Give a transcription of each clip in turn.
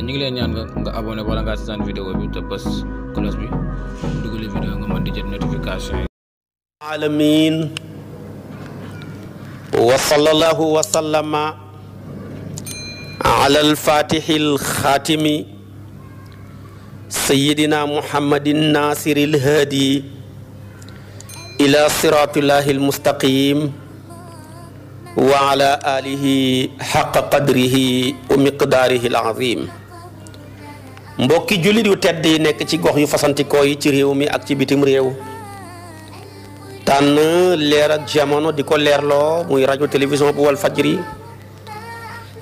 ñu ngi leen ñaan nga nga abonné wala ngaa seetaan vidéo bi te bës cloche bi bu dugalee vidéo nga mën di jot notification yi alamin wa sallallahu wa sallama ala alfaatihi alxaatimi sayidina muhammadin nasiri alhaadi ila siratillahi almustaqim wa ala alihi xaqa qadrihi wa miqdaarihi alazim mbokki jullit yu tedd yi nekk ci gox yu fasantikoo yi ci réew mi ak ci bitim réew tànn leer jamono di ko leerloo muy rajo télévision bu wal fajri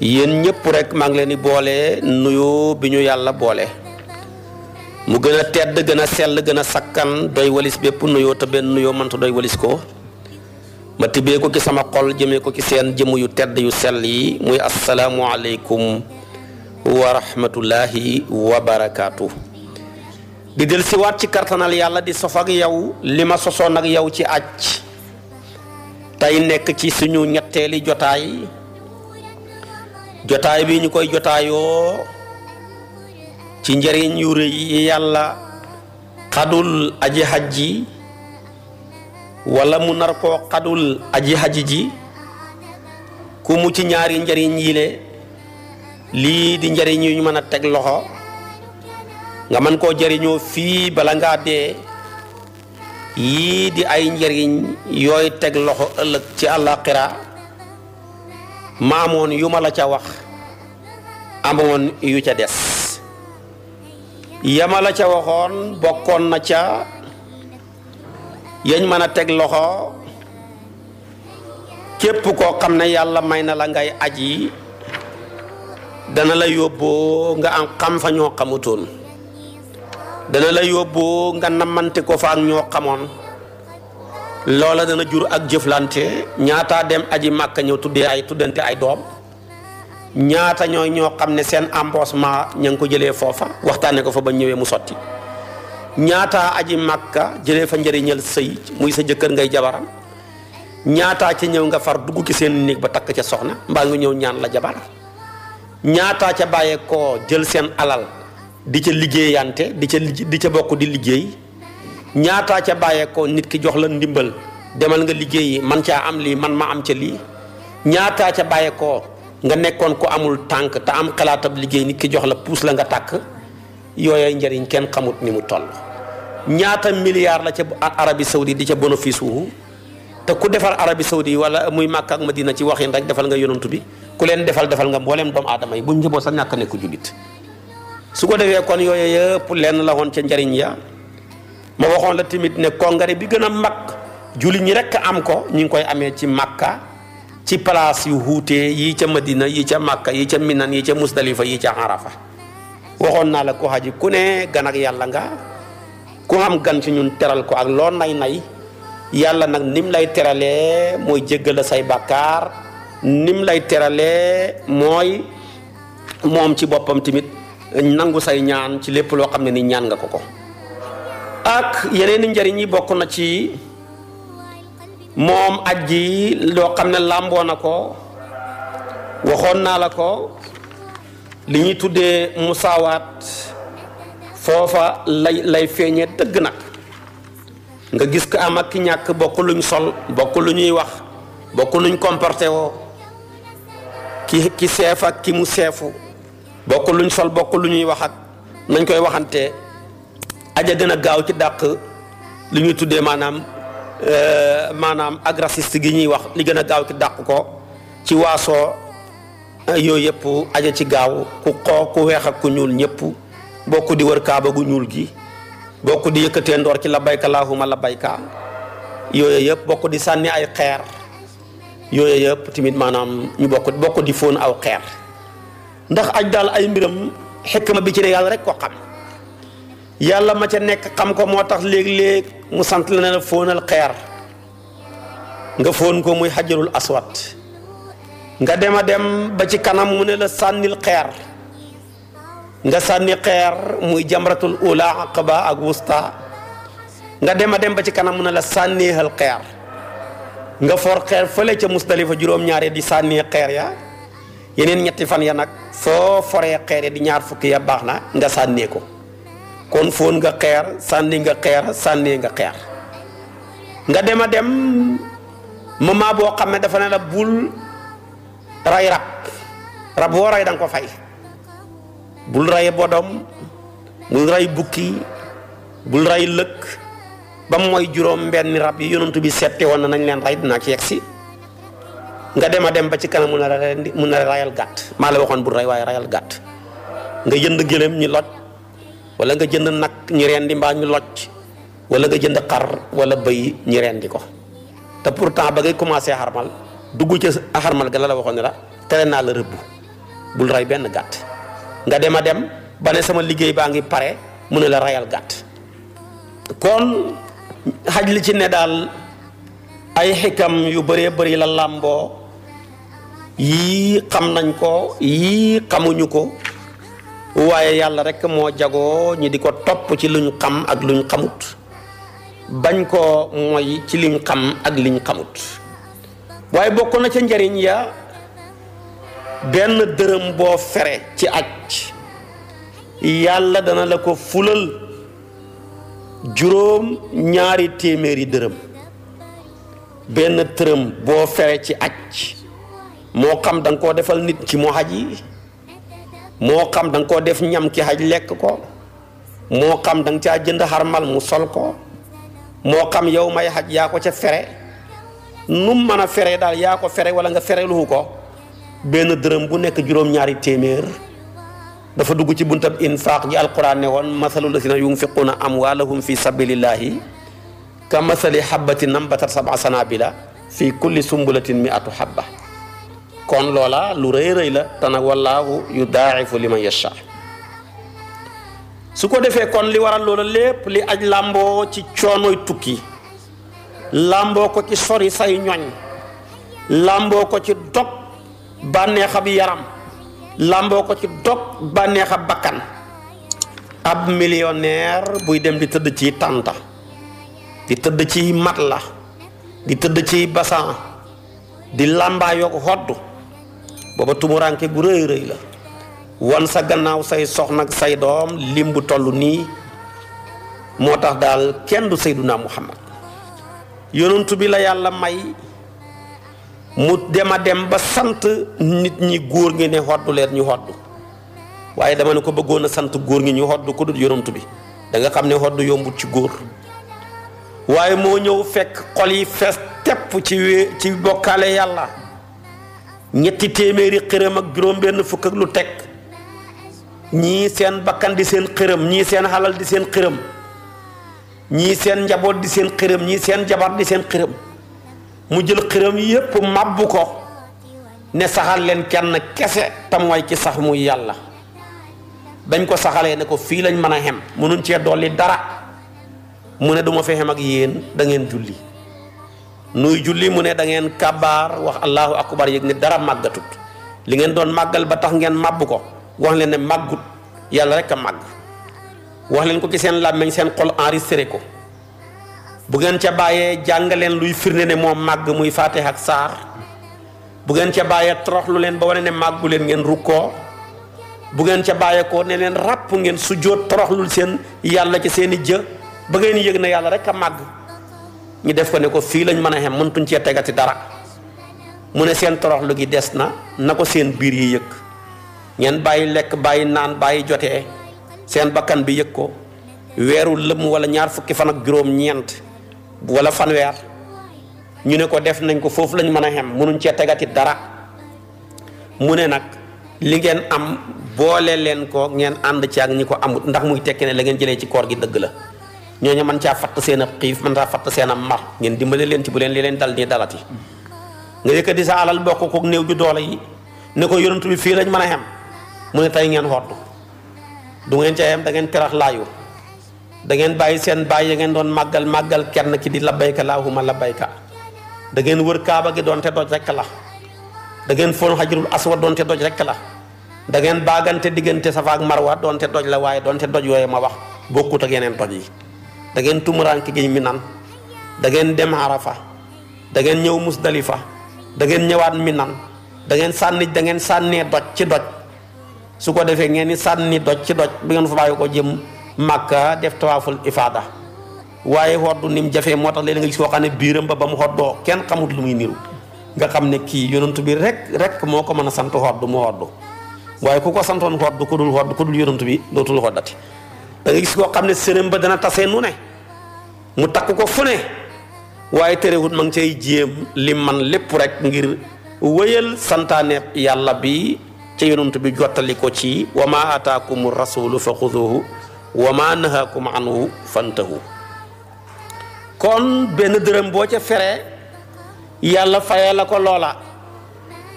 yéen ñëpp rek maa ngi leen di boole nuyoo bi ñu yàlla boole mu gën a tedd gën a sell gën a sakkan doy walis bépp nuyoo te benn nuyoo mënta doy walis ko ma tibbee ko ci sama xol jëmee ko ci seen jëmm yu tedd yu sell yi muy asalaamualeykum wa rahmatullahi wa di del siwaat ci kartanal yàlla di sof ak yow li ma sosoon ak yow ci aj tey nekk ci suñu ñetteeli jotaay jotaay bi ñu koy jotaayoo ci njëriñ yu yi yàlla xadul aji xaj ji wala mu nar koo xadul aji xaj ku mu ci ñaari njëriñ yi le lii di njariñ yuñ ñu mën a teg loxo nga mën koo jëriñoo fii bala ngaa dee yii di ay njariñ yooy teg loxo ëllëg ci àllaaxira maamoon yu ma ca wax amoon yu ca des yama la ca waxoon bokkoon na ca yañ mën a teg loxo képp koo xam na yàlla may na la ngay aji dana la yobbo nga am xam fa ño dana la yobbo nga namante ko fa ak ño xamone lola dana jur ak jëflante ñaata dem aji makka ñew tuddé ay tuddante ay doom ñaata ñooy ño xam sen seen embossement ña ko jëlé fofa waxtaane ko fa ba ñëwee mu soti ñaata aji makka jëlé fa njëriñal sey muy sa jëkkër ngay jabaram ñaata ci ñew nga far duggu ci sen nik ba tak ci soxna mbaa nga ñew ñaan la jabaram ñaataa ca bàyyee koo jël seen alal di ca liggéeyante di ca di ca bokk di liggéey ñaata ca bàyyeekoo nit ki jox la ndimbal demal nga liggéeyi man caa am lii man ma am ca lii ñaataa ca bàyyeekoo nga nekkoon ko amul tànk te am xalaatab liggéey nit ki jox la puus la nga tàkk yooyay njariñ kenn xamut ni mu toll ñaata milliard la ca arabi Saoudite di ca bénéfice wu te ku defar Arabie Saoudite wala muy Makka ak dina ci waxin rek defal nga yonantu bi ku leen defal defal nga mbooleem doomu aadama yi bu njëboo sa ñàkk nekk jullit su ko defee kon yooyu yëpp lenn la woon ca njariñ ya ma waxoon la tamit ne congrès bi gën a mag jullit ñi rek am ko ñu ngi koy amee ci Makka ci place yu wuutee yi ca Madina yi ca Makka yi ca Minan yi ca Musdalifa yi ca Arafa waxoon naa la ko xaji ku ne gan yàlla nga ku am gan ci ñun teral ko ak loo nay nay yàlla nag nim lay teralee mooy jéggal say bàkkaar nim lay teralee mooy moom ci boppam tamit nangu say ñaan ci lépp loo xam ne ni ñaan nga ko ko ak yeneen njariñ yi bokk na ci moom aj ji loo xam ne làmboo na ko waxoon naa la ko li ñuy tuddee musaawaat foofa lay lay feeñee dëgg nag nga gis ko am ak ñàkk bokk luñ sol bokk lu ñuy wax bokk luñ comporté woo ki ki seef ak ki mu seefu bokku luñ sol bokku luñuy wax ak nañ koy waxante aja gëna gaaw ci dàq li ñuy tuddee maanaam euh, maanaam ak raciste gi ñuy wax li gëna a gaaw ci dàq ko ci waasoo yooyu yëpp aja ci gaaw ku xoo ku weex ak ku ñuul ñëpp bokk di wër kaaba gu ñuul gi bokk di yëkkatee ndoor ci la bayka laahuma la bayka yooyu di sànni ay xeer yooyu yëpp timit maanaam ñu bokk bokk di fóon aw xeer ndax aj daal ay mbiram xikma bi ci ne yàlla rek ko xam yàlla ma ca nekk xam ko moo tax léeg mu sant la ne la fóonal xeer nga fóon ko muy xajarul aswat nga dem a dem ba ci kanam mu ne la sànnil xeer nga sànni xeer muy jamratul ula aqba ak wusta nga dem a dem ba ci kanam mu ne la xeer nga for xeer fële ca mustalifa juróom-ñaar di sànni xeer ya yeneen ñetti fan ya nag soo foree xeer ya di ñaar fukki ya baax na nga sànnee ko kon foon nga xeer sànni nga xeer sànnee nga xeer nga dem a dem moment boo xam ne dafa ne la bul ray rab rab woo ray da nga ko fay bul ray bodom bul ray bukki bul ray lëkk ba moy juróom benn rab yi yonantu bi setti won nañ leen rey dinaa ci yegsi nga dem a dem ba ci kanam mu na mu na rayal gàtt maa la waxoon bu ray waaye rayal gàtt nga jënd gëlëm ñu loj wala nga jënd nak ñu rendi mbaa ñu loj wala nga jënd xar wala bëy ñu rendi ko te pourtant ba ngay commencé harmal dugg ci harmal ga la la waxoon la tere naa la rëbb bul ray benn gàtt nga dem a dem ba ne sama liggéey baa ngi pare mu ne la rayal gàtt kon xaj li ci ne daal ay xikam yu bare bëri la làmboo yii xam nañ ko yii xamuñu ko waaye yàlla rekk moo jagoo ñi di ko topp ci luñ xam ak luñ xamut bañ koo mooy ci liñ xam ak liñ xamut waaye bokk na ca njariñ ya benn dërëm boo fere ci aj yàlla dana la ko fulal juróom ñaari téeméeri dërëm benn tërëm boo fere ci aj moo xam danga nga koo defal nit ci mu xaj yi moo xam da nga koo def ñam ki xaj lekk ko moo xam da nga caa jënd mal mu sol ko moo xam yow may xaj yaa ko ca fere nu mën a fere daal yaa ko fere wala nga fere luhu ko benn dërëm bu nekk juróom-ñaari téeméer dafa dugg ci buntab infaq ji alquran ne won masalu lasina yunfiquna amwalahum fi sabilillahi ka masali xabatin nambatat sab'a sanabila fi kulli sumbulatin mi'atu habba kon lola lu reey reey la tan wallahu yudaaifu liman yasha su ko defee kon li waral loola lépp li aj làmboo ci coonooy tukki làmboo ko ci sori say ñooñ làmboo ko ci dog bànneexab yaram làmboo ko ci dog bànneex a bakkan ab miliyoneer buy dem di tëdd ci tànta di tëdd ci matla di tëdd ci basan di làmbaayoo ko xodd booba tumuraanke gu rëy rëy la wan sa gannaaw say soxna ak say doom lim bu toll nii moo tax daal kenn du sayduna muhammad yonentu bi la yàlla may mu dem a dem ba sant nit ñi góor ngi ne xoddu leen ñu xoddu waaye dama ne ko bëggoon a sant góor ngi ñu xoddu ku dul yonent bi da nga xam ne xoddu yombut ci góor waaye moo ñëw fekk xol yi fees tepp ci wé ci bokkaale yàlla ñetti téeméeri xërëm ak juróom-benn fukk ak lu teg ñii seen bakkan di seen xërëm ñii seen xalal di seen xërëm ñii seen njaboot di seen xërëm ñii seen jabar di seen xërëm mu jël xiram yépp màbb ko ne saxal leen kenn kese te mooy ki sax mu yàlla dañ ko saxalee ne ko fii lañ mën a xem mënuñ cee dolli dara mu ne duma fi xem ak yéen dangeen ngeen julli nuy julli mu ne da ngeen kabaar wax allahu akbar yëg ne dara màggatut li ngeen doon màggal ba tax ngeen màbb ko wax leen ne màggut yàlla rek a màgg wax leen ko ci seen làmmiñ seen xol enregistré ko bu ngeen ca bàyyee jàngaleen luy firnde ne moo màgg muy fatiha ak saar bu ngeen ca bàyyee lu leen ba wane ne màggu leen ngeen rukkoo bu ngeen ca bàyyee ko ne leen ràpp ngeen su jóot toroxlul seen yàlla ci seen i jë ba ngeen yëg na yàlla rek a màgg ñu def ko ne ko fii lañ mën a xem mëntuñ cee tegati dara mu ne seen lu gi des na na ko seen biir yi yëg ngeen bàyyi lekk bàyyi naan bàyyi jotee seen bakkan bi yëg ko weeru lëm wala ñaar fukki fan ak juróom ñeent wala fanweer ñu ne ko def nañ ko foofu lañ mën a xem mënuñ cee tegati dara mu ne nag li ngeen am boole leen ko ngeen ànd ci ak ñi ko amut ndax muy tekki ne la ngeen jëlee ci koor gi dëgg la ñooñu mën caa fatt seen ab xiif mën caa fatt seen ngeen dimbale leen ci bu leen li leen dal dalati nga yëkkati sa alal bokk kook néew ju doole ne ko yonent fii lañ mën a xem mu ne tey ngeen xottu du ngeen cee xem da ngeen terax laayu da ngeen bàyyi seen bàyyi ya ngeen doon màggal màggal kenn ki di labbayka laahuma labbayka da ngeen wër kaaba gi doonte doj rek la da ngeen foon xajarul aswad doonte doj rek la da ngeen baagante diggante safa ak marwa doonte doj la waaye doonte doj yooyu ma wax bokkut ak yeneen doj yi da ngeen tumuraanke gi mi nan da ngeen dem arafa da ngeen ñëw musdalifa da ngeen ñëwaat mi nan da ngeen sànni da ngeen sànnee doj ci doj su ko defee ngeen ni sànni doj ci doj bi ngeen fa bàyyi ko jëm màkka def tawaaful ifaada waaye xoddu ni mu jafee moo tax léeg nga gis koo xam ne biiram ba ba mu xoddoo kenn xamut lu muy niru nga xam ne kii yonantu bi rek rek moo ko mën a sant xoddu mu xoddu waaye ku ko santoon xoddu ku dul xoddu ku dul yonantu bi dootul xoddati da nga gis koo xam ne sërëm ba dana tasee nu ne mu takk ko fu ne waaye terewut ma ngi cay jéem lim man lépp rek ngir wëyal santaane yàlla bi ca yonantu bi jottali ko ci wa ma ataakumu rasulu fa xuduhu wa ma nahaakum anhu fantahu kon benn dërëm boo ca fere yàlla fayee la ko loola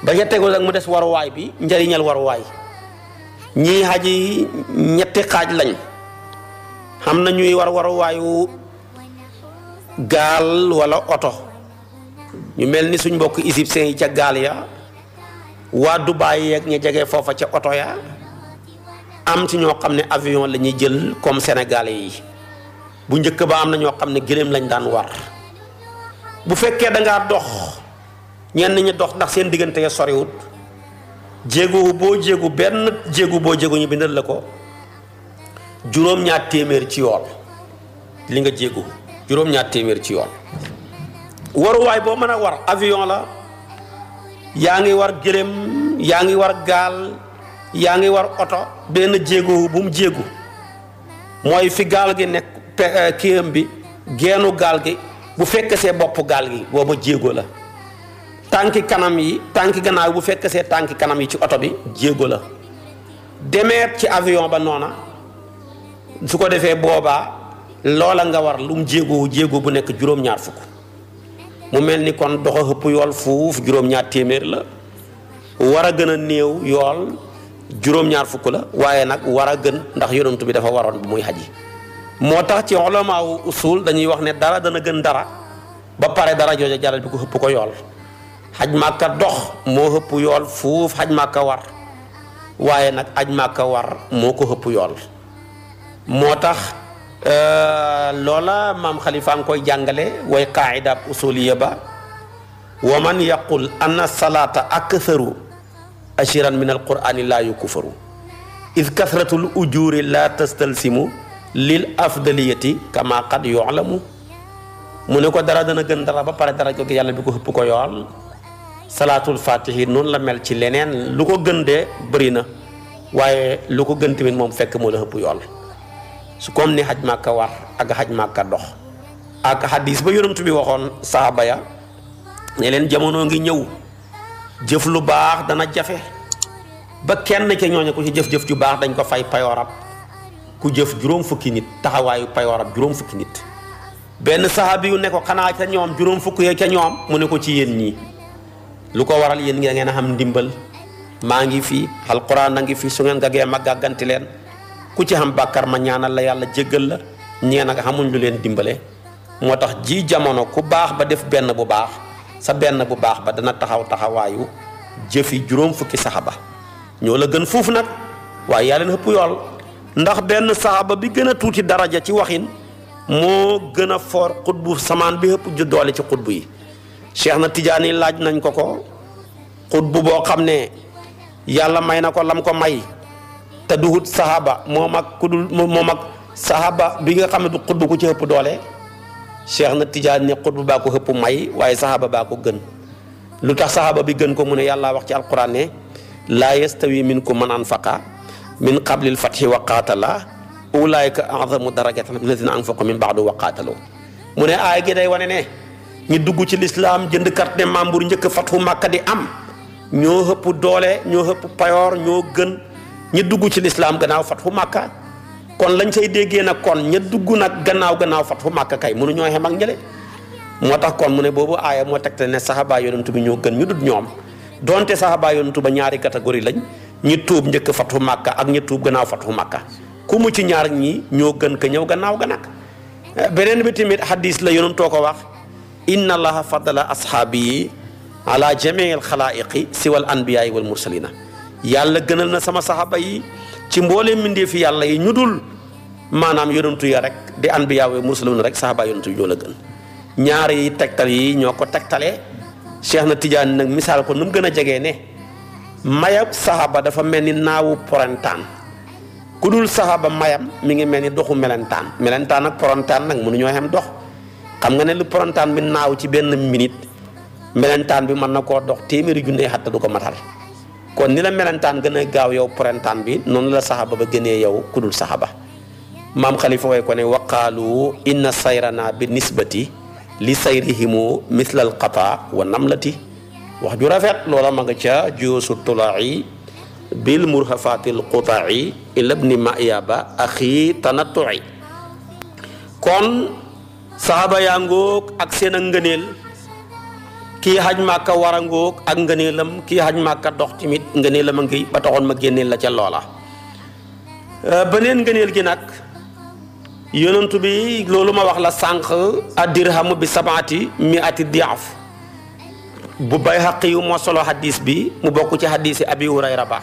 ba ca tegu nag mu des waruwaay bi njariñal waruwaay ñii xaji ñetti xaaj lañ xam na ñuy war waruwaayu gaal wala oto ñu mel ni suñ mbokk égyptiens yi ca gaal ya waa Dubaay yeeg ñu jege foofa ca oto ya am ci ñoo xam ne avion lañuy jël comme sénégalais yi bu njëkk ba am na ñoo xam ne gëléem lañ daan war bu fekkee da dox ñenn ñi dox ndax seen diggante ya soriwut jéego boo jéegu benn jéegu boo jéegu ñu bindal la ko juróom-ñaar téeméer ci yool li nga jéegu juróom-ñaar téeméer ci yool waruwaay boo mën a war avion la yaa ngi war gëléem yaa ngi war gaal yaa ngi war oto benn jéego bu mu jéegu mooy fi gaal gi nekk eh, kiyam bi geenu gaal gi bu fekk see bopp gaal gi booba jéego la tànki kanam yi tànki gannaaw bu fekk see tànki kanam yi ci oto bi jéego la demeet ci avion ba noona su ko defee boobaa loola nga war lu mu jéego jéego bu nekk juróom-ñaar fukk mu mel ni kon doxa xëpp yool fuuf juróom-ñaar téeméer la war a gën a néew yool juróom-ñaar fukk la waaye nag war a gën ndax yonantu bi dafa waroon bu muy xaji moo tax ci ulamaawu usul dañuy wax ne dara dana gën dara ba pare dara jooja jaral bi ko xëpp ko yool xaj màkka dox moo xëpp yool fuuf xaj màkka nag aj màkka moo ko xëpp yool moo tax euh, loola maam xalifa ngi koy jàngale way qaayida ab usuliya ba wa man yaqul anna salaata aktharu ashiran min alqurani laa yukufaru id kasratul ujuri laa tastalsimu lil afdaliyati kama qad yu'lamu mu ne ko dara dana gën dara ba pare dara jóge yàlla bi ko xëpp ko yool salaatul fatihi noonu la mel ci leneen lu ko gën de bëri na waaye lu ko gën tamit moom fekk moo la xëpp yool su comme ni xaj màkka war ak xaj màkka dox ak xadis ba yonent bi waxoon saxaaba ya ne leen jamono ngi ñëw jëf lu baax dana jafe ba kenn ci ñooñu ku ci jëf jëf ju baax dañ ko fay payoorab ku jëf juroom fukki nit taxawayu payoorab juroom fukki nit benn sahabi yu ne ko xanaa ca ñoom juroom fukk ye ya ca ñoom mu ne ko ci yeen ñi lu ko waral yeen ngi ngeen xam ndimbal ma ngi fi alquran a ngi fi su ngeen gagee ma gaganti len ku ci xam bakkar ma ñaanal la yalla jéggal la xamuñ lu len dimbalé motax ji jamono ku baax ba def benn bu baax sa benn bu baax ba dana taxaw taxawaayu jëfi juróom fukki saxaba ñoo la gën foofu nag waaye yaa leen ëpp yool ndax benn saxaba bi gën a tuuti daraja ci waxin moo gën a foor xutbu samaan bi ëpp ju doole ci xutbu yi cheikh na tijaani laaj nañ ko ko xutbu boo xam ne yàlla may na ko lam ko may te duhut saxaba moom ak ku dul moom ak saxaba bi nga xam ne du xutbu ku ci ëpp doole cheikh na tidiane ne xutbu baa ko xëpp may way sahaba baa ko gën lutax sahaba bi gën ko mune yalla wax ci alquran ne la yastawi minkum man anfaqa min qabli lfathi wa qatala ulaika azamu darajatan min alladina anfaqu min baadu wa qatalu mune ne gi day wone ne ñi dugg ci l'islam jënd carte membre ñëk fathu di am ño hepp doole ño hepp payor ño gën ñi dugg ci l'islam gënaaw fathu kon lañ say déggee na kon ña dugg nag gannaaw gannaaw fat fu màkk kay mënu ñoo xem ak ñële moo tax kon mu ne boobu aaya moo tegte ne saxabaa yonentu bi ñoo gën ñu dut ñoom donte saxabaa yonentu ba ñaari catégorie lañ ñi tuub njëkk fat fu màkka ak ñi tuub gannaaw fat fu màkka ku mu ci ñaar ñi ñoo gën ka ñëw gannaaw ga beneen bi tamit hadis la yonentoo ko wax inna allaha fadala ashaabi yi ala jamii al xalaayiqi siwal anbiyaay wal mursalina yàlla gënal na sama saxaaba yi ci mboolee mbindeefi yàlla yi ñu dul maanaam yonantu ya rek di anbiyaawe mursalun rek saxaba yonantu yi ñoo la gën ñaari tegtal yi ñoo ko tegtalee Cheikh na Tidiane nag misaal ko nu mu gën a jegee ne mayab saxaba dafa mel ni naawu porantaan ku dul saxaba mayam mi ngi mel ni doxu melentaan melentaan nag porantaan nag mënuñoo xam dox xam nga ne lu porontaan bi naaw ci benn minute melentaan bi mën na koo dox téeméeri junne xatta du ko matal kon ni la melentaan gëna gaaw yow prentaan bi non la sahaba ba gënee yow kudul sahaba mam khalifa way ko ne inna sayrana bi nisbati li sayrihimu misla al qata wa namlati wax ju rafet loola ma nga ca jusu tulai bil murhafati al quta'i ila ibn ma'yaba akhi tanattu'i kon sahaba yango ak sen a Ki xaj maka warango ak ngëneelam ki xaj màkka dox timit ngëneelam a ngi ba taxoon ma génneel la ca lola euh, benen ngëneel gi nak yonentou bi loolu ma wax la sank adirham bi sabati miati diaf bu bay haqi mo solo hadis bi mu bokku ci hadis abi hurayra ba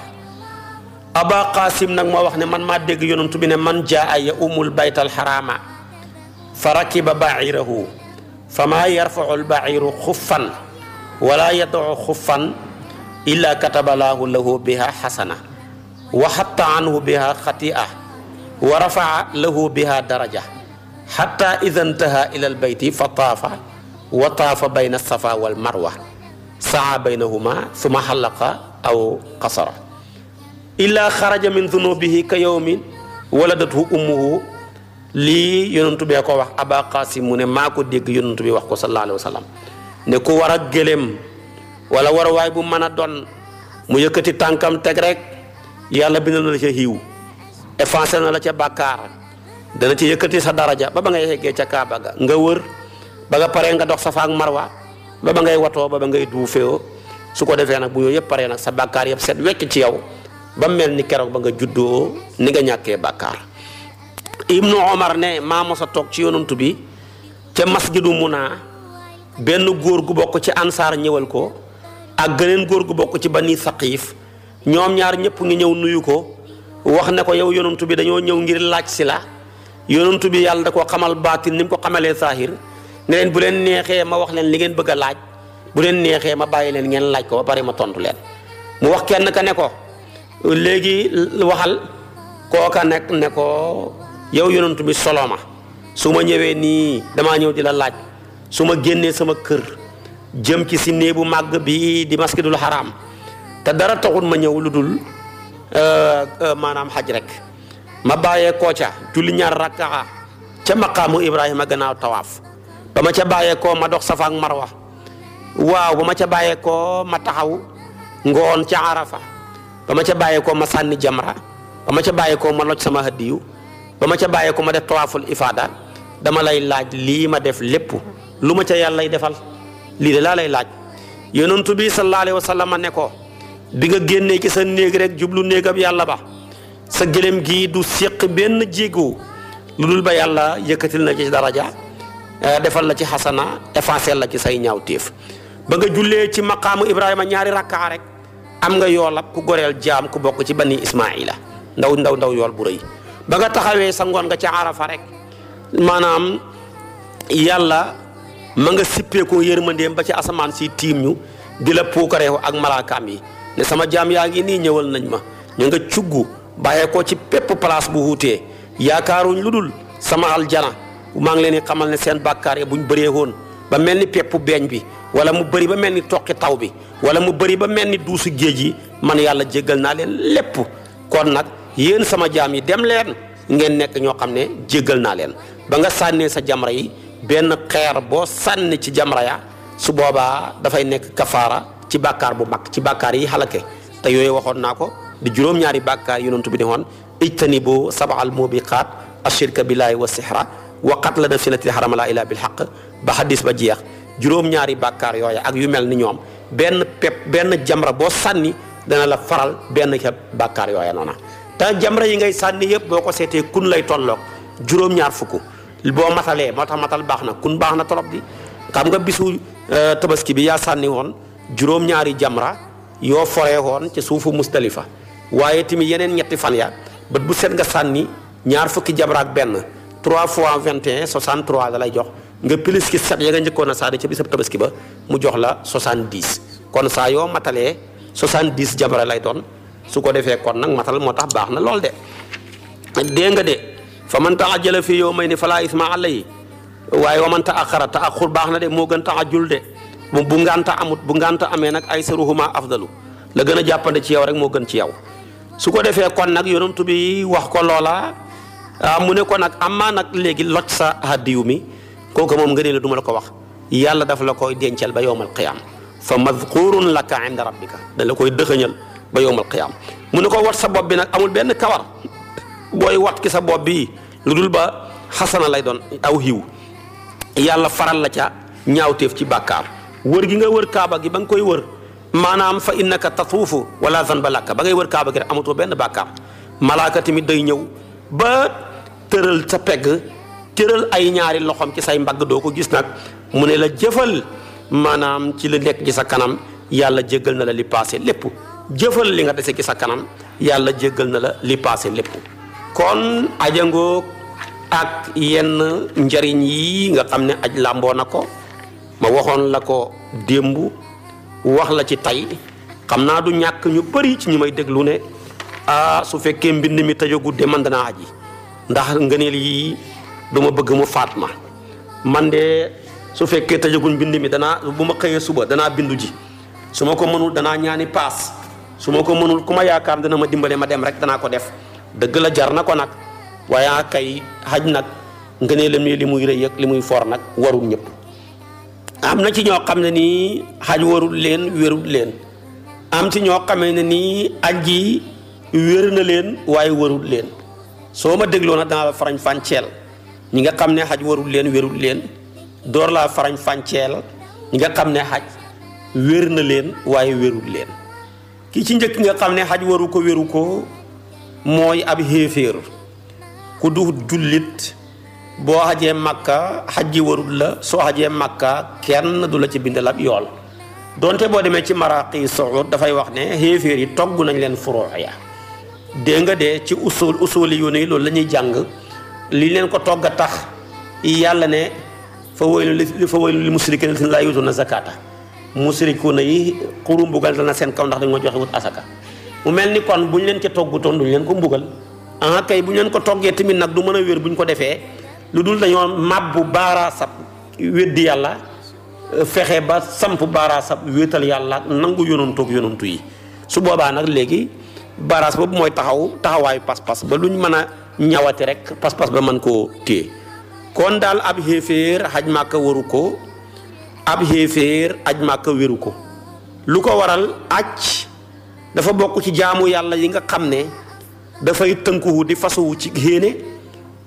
aba qasim nang moo wax ne man ma yonun yonentou bi ne man jaa ya umul baytal harama fa rakiba bairahu fama yarfa'u al ba'iru khuffan ولا يدع خفا إلا كتب الله له بها حسنة وحط عنه بها خطيئة ورفع له بها درجة حتى إذا انتهى إلى البيت فطاف وطاف بين الصفا والمروة سعى بينهما ثم حلق أو قصر إلا خرج من ذنوبه كيوم ولدته أمه لي يونتبي أكو أبا قاسم ما كو ديك يونتبي وخو صلى الله عليه وسلم ne ku war ak gëlem wala war bu mën don mu yëkkati tànkam teg rek yàlla bindal na la ca xiiw effacé na la ca bàkkaar dana ci yëkkati sa daraja ba ba ngay yeggee ca kaaba ga nga wër ba nga paree nga dox safa ak marwa ba ba ngay watoo ba ba ngay duufeewoo su ko defee nag bu yooyu yëpp paree nag sa bàkkaar yëpp set wecc ci yow ba mel ni keroog ba nga juddoo ni nga ñàkkee bàkkaar ibnu omar ne maa mosa toog ci yonantu bi ca masjidu munaa benn góor gu bokk ci ansaar ñëwal ko ak gëneen góor gu bokk ci ba bani saqiif ñoom ñaar ñëpp ngi ñëw nuyu ko wax ne ko yow yonantu bi dañoo ñëw ngir laaj si la yonantu bi yàlla da koo xamal baatin ni mu ko xamalee saahir ne bu leen neexee ma wax leen li ngeen bëgg a laaj bu leen neexee ma bàyyi leen ngeen laaj ko pare ma tontu leen mu wax kenn ka ne ko léegi waxal kooka nekk ne ko yow yonantu bi solo ma su ma ñëwee nii damaa ñëw di la laaj. su ma génnee sama kër jëm ci si néebu màgg bi di masjidul haram te dara taxul ma ñëw lu dul euh, euh, maanaam xaj rek ma bàyyee koo ca julli ñaar rakkaa ca maqaamu Ibrahima gannaaw tawaaf ba ma ca bàyyee koo ma dox safa ak marwa waaw ba ma ca bàyyee koo ma taxaw ngoon ca arafa ba ma ca bàyyee koo ma sànni jamra ba ma ca bàyyee koo ma loj sama hadiyu ba ma ca bàyyee koo ma def tawaaful ifaada dama lay laaj lii ma def lépp lu ma ca yàllay defal lii de laa lay laaj yonentu bi sallallahu alayhi wa sallam ne ko bi nga génnee ci sa néeg rek jublu néegam yàlla ba sa gëléem gi du séq benn jéego lu dul ba yàlla yëkkatil na ci daraja eh, defal la ci xasana effacel la ci say ñaaw téef ba nga jullee ci maqaamu Ibrahima ñaari rakkaa rek am nga yoolab ku goreel jaam ku bokk ci bani Ismaila ndaw ndaw ndaw yool bu rëy ba nga taxawee sa ngoon nga ca Arafa rek maanaam yàlla ma nga sippeeku yërmandeem ba ci asamaan si tiim ñu di la puukareewu ak malaakaam yi ne sama jaam yaa ngi nii ñëwal nañ ma ñu nga cugg bàyyee ko ci pépp place bu wuutee yaakaaruñ lu dul sama aljana maa ngi leen di xamal ne seen bàkkaar yi buñ bëree woon ba mel ni peppu beeñ bi wala mu bëri ba mel ni toqi taw bi wala mu bëri ba mel ni duusu géej yi man yàlla jéggal naa leen lépp kon nag yéen sama jaam yi dem leen ngeen nekk ñoo xam ne jéggal naa leen ba nga sànnee sa jamra yi benn xeer boo sànni ci jamra ya su boobaa dafay nekk kafaara ci bàkkaar bu mag ci bàkkaar yi xalake te yooyu waxoon naa ko di juróom-ñaari bàkkaar yonantu bi ne woon ijtanibu sabaal mubiqaat ashirka billahi wa sihra wa qatla nafsi haram la ila bil haqq ba hadis ba jeex juróom-ñaari bàkkaar yooya ak yu mel ni ñoom benn pep benn jamra boo sànni dana la faral benn ca bàkkaar yooya noona te jamra yi ngay sànni yépp boo ko seetee kun lay tolloog juróom-ñaar fukk boo matalee moo tax matal baax na kun baax na trop bi xam nga bisu euh, tabaski bi yaa sànni woon juróom-ñaari jamra yoo foree woon ci suufu mustalifa waaye tamit yeneen ñetti fan yaa bët bu set nga sànni ñaar fukki jamra ak benn 3 fois 21 63 da lay jox nga plus ki set ya nga njëkkoon a sànni ci bisab tabaski ba mu jox la 70 kon saa yoo matalee 70 jamra lay doon su ko defee kon nag matal moo tax baax na lool de dégg nga de. fa man taajala fii yawmayni falaa isma alayhi waaye wa man taaxara taaxur baax na de moo gën taajul de bu bu nganta amut bu nganta amee nag ay saruhuma afdalu la gën a jàppande ci yow rek moo gën ci yow su ko defee kon nag yonantu bi wax ko loola mu ne ko nag amaa nag léegi loj sa hadiyu mi kooku moom nga ne la du ma la ko wax yàlla daf la koy dencal ba yowmal qiyaam fa madkurun laka inda rabbika da la koy dëxëñal ba yowmal qiyaam mu ne ko wat sa bopp bi nag amul benn kawar booy wat ki sa bopp bi lu dul ba xasana lay doon aw xiw yàlla faral la ca ñaawteef ci bàkkaar wër gi nga wër kaaba gi ba nga koy wër maanaam fa innaka tatuufu wala zanba lakka ba ngay wër kaaba gi rek amatoo benn bàkkaam malaaka tamit day ñëw ba tëral sa pegg tëral ay ñaari loxoom ci say mbagg doo ko gis nag mu ne la jëfal maanaam ci la nekk ci sa kanam yàlla jéggal na la li paase lépp jëfal li nga dese ci sa kanam yàlla jéggal na la li paase lépp kon ajango ak yenn njariñ yi nga xamne aj lambo na ko ma waxon la ko wax la ci tay xamna du ñak ñu bari ci ñi may deglu ne ah su fekke mbind mi gu de man aji ndax ngeenel yi duma Fatma bëgg mu fatma man de su tayo gu mbind mi dana buma xeye suba dana bindu ji su ko mënul dana ñaani pass su mënul kuma yaakar dana ma dimbalé ma dem rek dana ko def dëgg la jar na ko nag waaye ah, kay xaj nag nga ne la li muy rëy ak li muy for nag warul ñëpp am na ci ñoo xam ne nii xaj warul leen wérul leen am ci ñoo xamee ne nii aj gi wér na leen waaye warul leen soo ma dégloo nag danaa la farañ fànceel ñi nga xam ne xaj warul leen wérul leen door laa farañ fànceel nga xam ne xaj na leen waaye wérul leen ki ci njëkk nga xam ne xaj waru ko wéru ko mooy ab xéeféer ku du jullit boo xajee màkka xaj ji warul la soo xajee màkka kenn du la ci bindal ab yool donte boo demee ci maraqi suud dafay wax ne xéeféer yi togg nañ leen furuux ya dégg nga de ci usul usuli yu ne loolu la ñuy jàng li leen ko togg a tax yàlla ne fa waylu li fa waylu li musrikina laa yutuuna zakata na yi xurum bugal na seen kaw ndax dañ ma joxe wut asaka mu mel ni kon bu ñu leen ca toggutoon duñ leen ko mbugal ah kay bu ñu leen ko toggee tamit nag du mën a wér bu ñu ko defee lu dul dañoo màbbu baaraasab weddi yàlla euh, fexe ba samp baaraasab wéetal yàlla nangu yonantoog yonantu yi su boobaa nag léegi baaraas boobu mooy taxaw taxawaayu pas-pas ba lu ñu mën a ñawati rek pas-pas ba man koo téye kon daal ab xéeféer aj màkka waru ko ab xéeféer aj màkka wéru ko lu ko waral aj dafa bokk ci jaamu yàlla yi nga xam ne dafay tënkuwu di fasuwu ci héene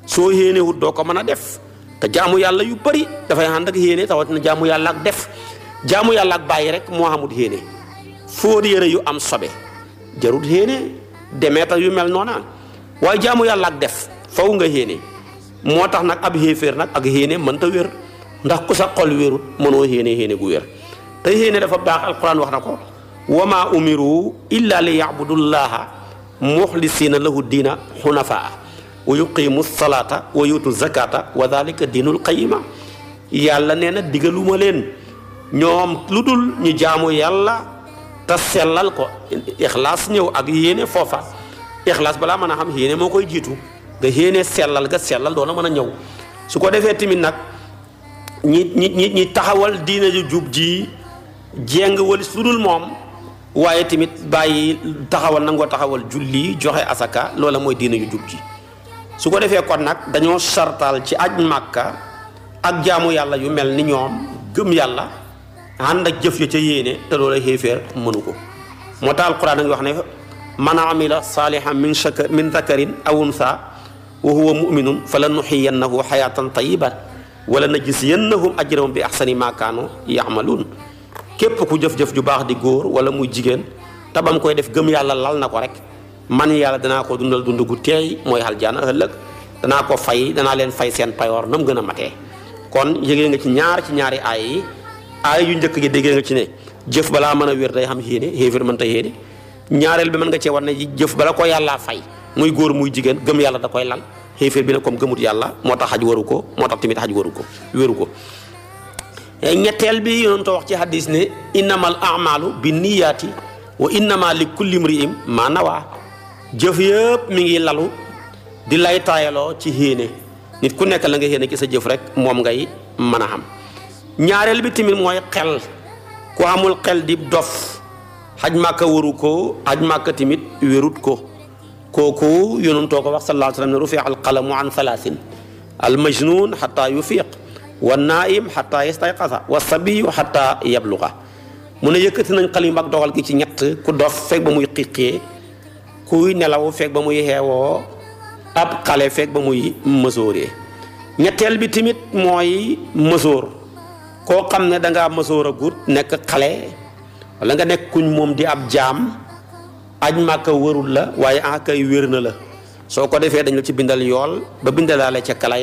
soo héenewut doo ko mën a def te jaamu yàlla yu bari dafay ànd ak héene tawatina jaamu yàlla ak def jaamu yàlla ak bàyyi rek moo xamut héene yére yu am sobe jarut héene demeetal yu mel noona waaye jaamu yàlla ak def faw nga héene moo tax nag ab xéeféer nag ak héene mënta wér ndax ku sa xol wérut mënoo héene héene gu wér te héene dafa baax alquran wax na ko وما أمروا إلا ليعبدوا الله مخلصين له الدين حنفاء ويقيموا الصلاة ويؤتوا الزكاة وذلك الدين القيمة يالا نينا ديغلو مالين نيوم لودول ني جامو يالا تسلال كو اخلاص نيو اك يينه فوفا اخلاص بلا مانا خام هيني موكاي جيتو دا هيني سلال غا سلال دونا مانا نيو سوكو ديفه تيمين ناك ني ني ني تخاول دينا جوب جي جيڠ ول سودول موم waye tamit bàyyi taxawal nango taxawal julli joxe asaka lola moy diina yu jub su ko defé kon nak dañoo sartaal ci aj màkka ak jaamu yàlla yu melni ni ñoom gëm yàlla ànd ak jëf ya ca yene te lola xéfer mënu ko moo tax alquran nga wax ne man amila salihan min shaka min zakarin aw unsa wa huwa muminun falanuhiyannahu hayatan nuxiyannahu xayaatan tayiban wala najziyannahum ajrahum bi axsani ma kaanu yacmaluun képp ku jëf-jëf ju baax di góor wala muy jigéen tabam koy def gëm yàlla lal na ko rek man yàlla danaa ko dundal dund gu teey mooy aljanna ëllëg danaa ko fay danaa leen fay seen payoor na gën a matee kon yëgee nga ci ñaar ci ñaari aay yi aay yu njëkk gi déggee nga ci ne jëf balaa mën a wér day xam yéene xéefir mën ta yéene ñaareel bi man nga cee war ne jëf bala ko yàllaa fay muy góor muy jigéen gëm yàlla da koy lal xéefir bi ne comme gëmut yàlla moo tax xaj waru ko moo tax tamit xaj waru ko wéru ko ñettel bi yonent wax ci hadith ne innamal amalu binniyati wa innamal li kulli mri'in ma nawa jëf yëpp mi ngi lalu di lay tayelo ci héene nit ku nekk la nga héene ci sa jëf rek mom ngay mëna xam ñaarel bi timil moy xel ku amul xel di dof hajma ka waru ko hajma ka timit wérut ko kooku yonentoo ko wax sallallahu alayhi wasallam sallam ne qalamu an thalathin al majnun xata yufiq wa naim xataa yastayqasa wa sabiyu xataa xa mu ne yëkkati nañ xalim ak doxal gi ci ñett ku dof fekk ba muy xiiqee kuy nelaw fekk ba muy xeewoo ab xale fekk ba muy mësooree ñetteel bi tamit mooy mësoor koo xam ne danga ngaa mësoor a gut nekk xale wala nga nekk kuñ moom di ab jaam aj màkka warul la waaye ah wér na la soo ko defee dañu ci bindal yool ba bindalaale ca kala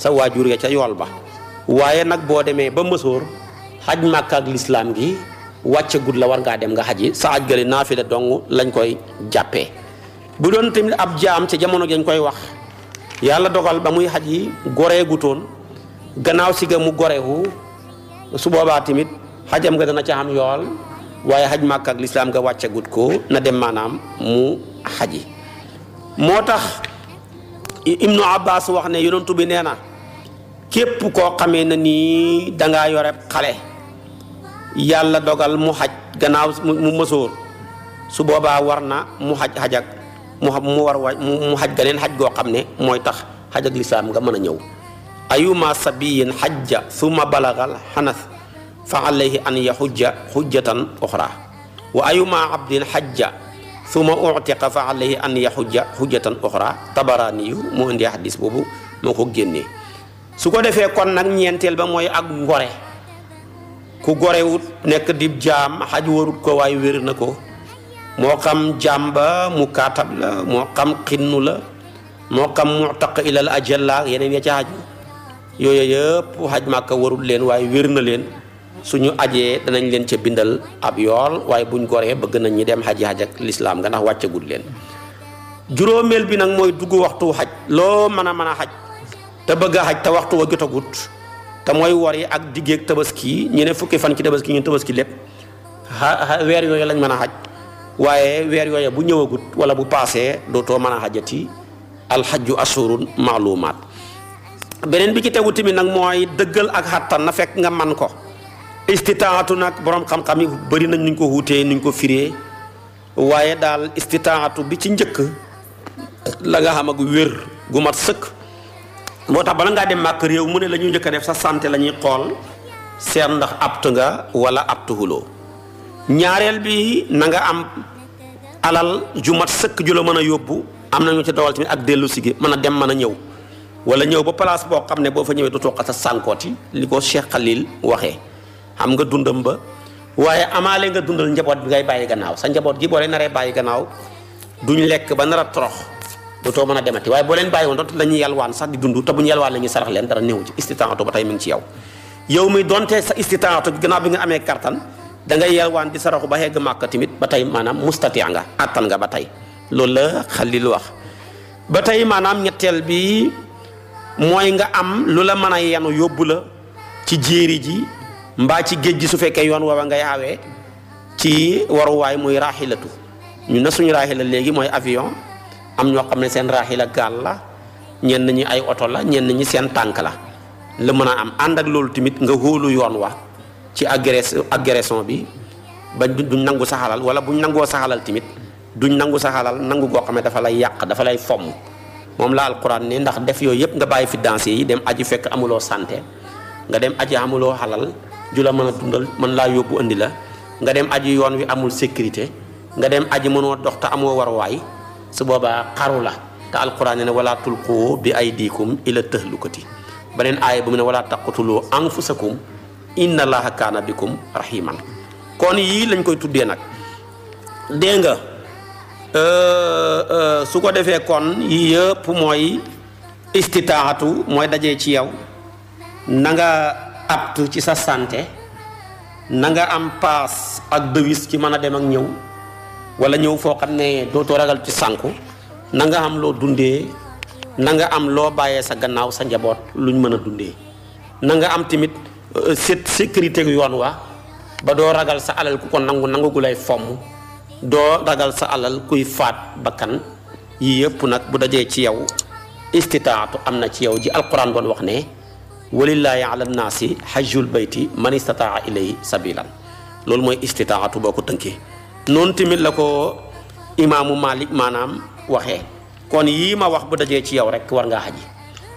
sa waajur ya ca yool ba waaye nag boo demee ba mësoor xaj màkk ak lislaam gi wàcce gud la war ngaa dem nga xaji sa aj gële naafila dong lañ koy jàppe bu doon tamit ab jaam ci jamono dañ koy wax yàlla dogal ba muy xaj yi goreegutoon gannaaw si ga mu goreewu su boobaa tamit xajam nga dana ca xam yool waaye xaj màkk ak lislaam nga wàcce gud ko na dem maanaam mu xaji moo tax ibnu abbas wax ne yonentu bi nee na képp koo xamee na nii dangaa yoreb xale yàlla dogal mu xaj gannaaw mu mësoor su boobaa war na mu xaj xajak mu mu war wa mu xaj ganeen xaj goo xam ne mooy tax xaj ak lislaam nga mën a ñëw ayuma sabiyin xajja suma balagal xanas fa alayhi an yaxujja xujjatan oxra wa ayuma abdin xajja summa utiqa fa alayhi an yaxujja xujjatan oxra tabaraniyu moo indi xadis boobu moo ko génnee su ko defee kon nag ñeenteel ba mooy ak ngore ku gorewut nekk dib jaam xaj warut ko waaye wér na ko moo xam jaam ba mu kaatab la moo xam xinnu la moo xam muctaq ilal ajal la yeneen ya ca xaju yooyu yëpp xaj màkka warut leen waaye wér na leen suñu ajee danañ leen ca bindal ab yool waaye buñ goree bëgg nañ ñi dem xaji xaj ak lislaam nga ndax wàccagul leen juróomeel bi nag mooy dugg waxtu xaj loo mën a mën a xaj te bëgg a xaj te waxtu wa jotagut te mooy war yi ak diggeeg tabaski ñu ne fukki fan ci tabaski ñu tabaski lépp weer yooyu lañ mën a xaj waaye weer yooyu bu ñëwagut wala bu paasee dootoo mën a xajati alxaju asurun maalumaat beneen bi ci tegu tamit nag mooy dëggal ak xattan na fekk nga man ko istitaatu nag borom xam-xam yi bëri nañ nuñ ko wuutee nuñ ko firee waaye daal istitaatu bi ci njëkk la nga xam ak wér gu mat sëkk motax bala nga dem mak rew mu ne lañu ñëk def sa santé lañuy xol seen ndax apt nga wala apt hulo ñaarel bi na nga am alal ju mat sekk ju la mën yobbu am nañu ci dawal tamit ak delu sigi dem mana a wala ñëw ba place bo xamne bo fa ñëwee du cheikh khalil waxé xam nga dundam ba waye amale nga dundal njabot bi ngay bàyyi gannaaw sa njabot gi bo lay naré bàyyi gannaaw duñ lek ba nara trox dootoo mana demati waaye bo len bàyyi woon donte la ñuy yalwaan sax di dundu te buñu ñu yalwaan lañu sarax len dara newu ci istitaatu batay mi ci yaw yow mi donte sa istitaatu gëna bi nga amé kartan da ngay yalwaan di saraxu ba hegg makka timit batay manam mustati nga attan nga batay tey la xalil wax batay manam ñettel bi moy nga am lula mana mën a yenu la ci jeri ji mba ci géej su fekke yoon wa nga ya awee ci way moy rahilatu ñu na suñu rahilal legi moy avion am ñoo xamne sen rahila gal la ñen ñi ay auto la ñen ñi sen tank la le meuna am and ak loolu timit nga holu yoon wa ci agress agression bi ba duñ nangu saxalal wala buñ nangoo saxalal timit duñ nangu saxalal nangu go xamne dafa lay yaq dafa lay fom mom la alquran ne ndax def yoy yep nga bayyi fi danse yi dem aji fek amulo santé nga dem aji amulo halal jula meuna dundal man la yobbu andi la nga dem aji yoon wi amul sécurité nga dem aji meuno dox amo war way su boobaa xaru la te alquran ne ne walaa tulqu bi aydikum ila tahlukati beneen aaya bu mu ne walaa taqtulu anfusakum inna allaha kaana bikum rahiman kon yii lañ koy tuddee nag dégg nga euh, euh, su ko defee kon yii yëpp mooy istitaatu mooy dajee ci yow nanga nga ci sa sante na nga am paas ak dewis ci mën a dem ak ñëw wala ñew fo xamne do ragal ci sanku na nga am lo dundé na nga am lo bayé sa gannaaw sa njabot luñ mëna dundé na nga am timit euh, set sécurité gu yoon wa ba do ragal sa alal ku ko nangu nangu gu lay fomm ragal sa alal kuy faat bakkan yi yep nak bu dajé ci yow istitaatu am na ci yow ji alquran bon wax né walillahi ala nasi hajjul bayti man istataa ilayhi sabilan lol moy istitaatu boko tanké noonu tamit la ko imaamu Malik maanaam waxee kon yii ma wax bu dajee ci yow rek war ngaa xaji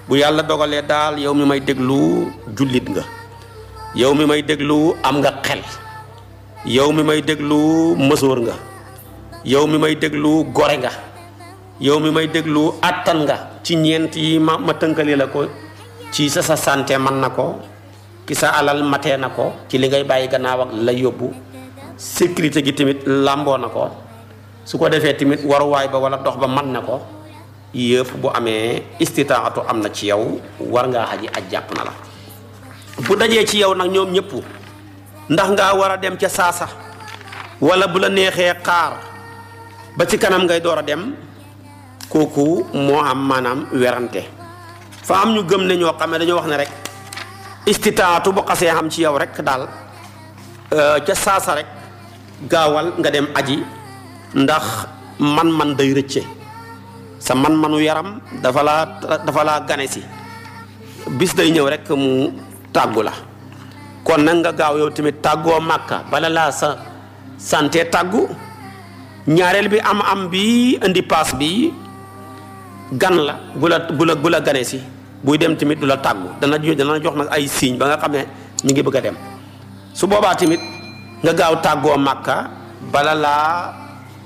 bu yàlla dogalee daal yow mi may déglu jullit nga yow mi may déglu am nga xel yow mi may déglu mësoor nga yow mi may déglu gore nga yow mi may déglu àttan nga ci ñeent yi ma ma tënkale la ko ci sa sa sante man na ko ki sa alal matee na ko ci li ngay bàyyi gannaaw la yóbbu sécurité gi tamit làmboo na ko su ko defee tamit waruwaay ba wala dox ba man na ko yëpp bu amee istitaatu am na ci yow war nga xaji aj jàpp na la bu dajee ci yow nag ñoom ñëpp ndax nga war a dem ca saasa wala bu la neexee xaar ba ci kanam ngay door a dem kooku moo am maanaam werante fa am ñu gëm ne ñoo xam ne dañoo wax ne rek istitaatu bu xasee xam ci yow rek daal euh, ca saasa rek Gawal nga dem aji ndax man man day recce sa man manu yaram dafa la dafa la gané ci bis day ñew rek mu tagula kon na nga gaaw yow tamit makka bala la sa santé ñaarel bi am am bi pasbi, pass bi gan la gula gula bu la bu buy dem timit dula la dana dana jox nak ay signe ba nga xamé ñi ngi bëgg dem su boba timit nga gaaw tàggoo makka bala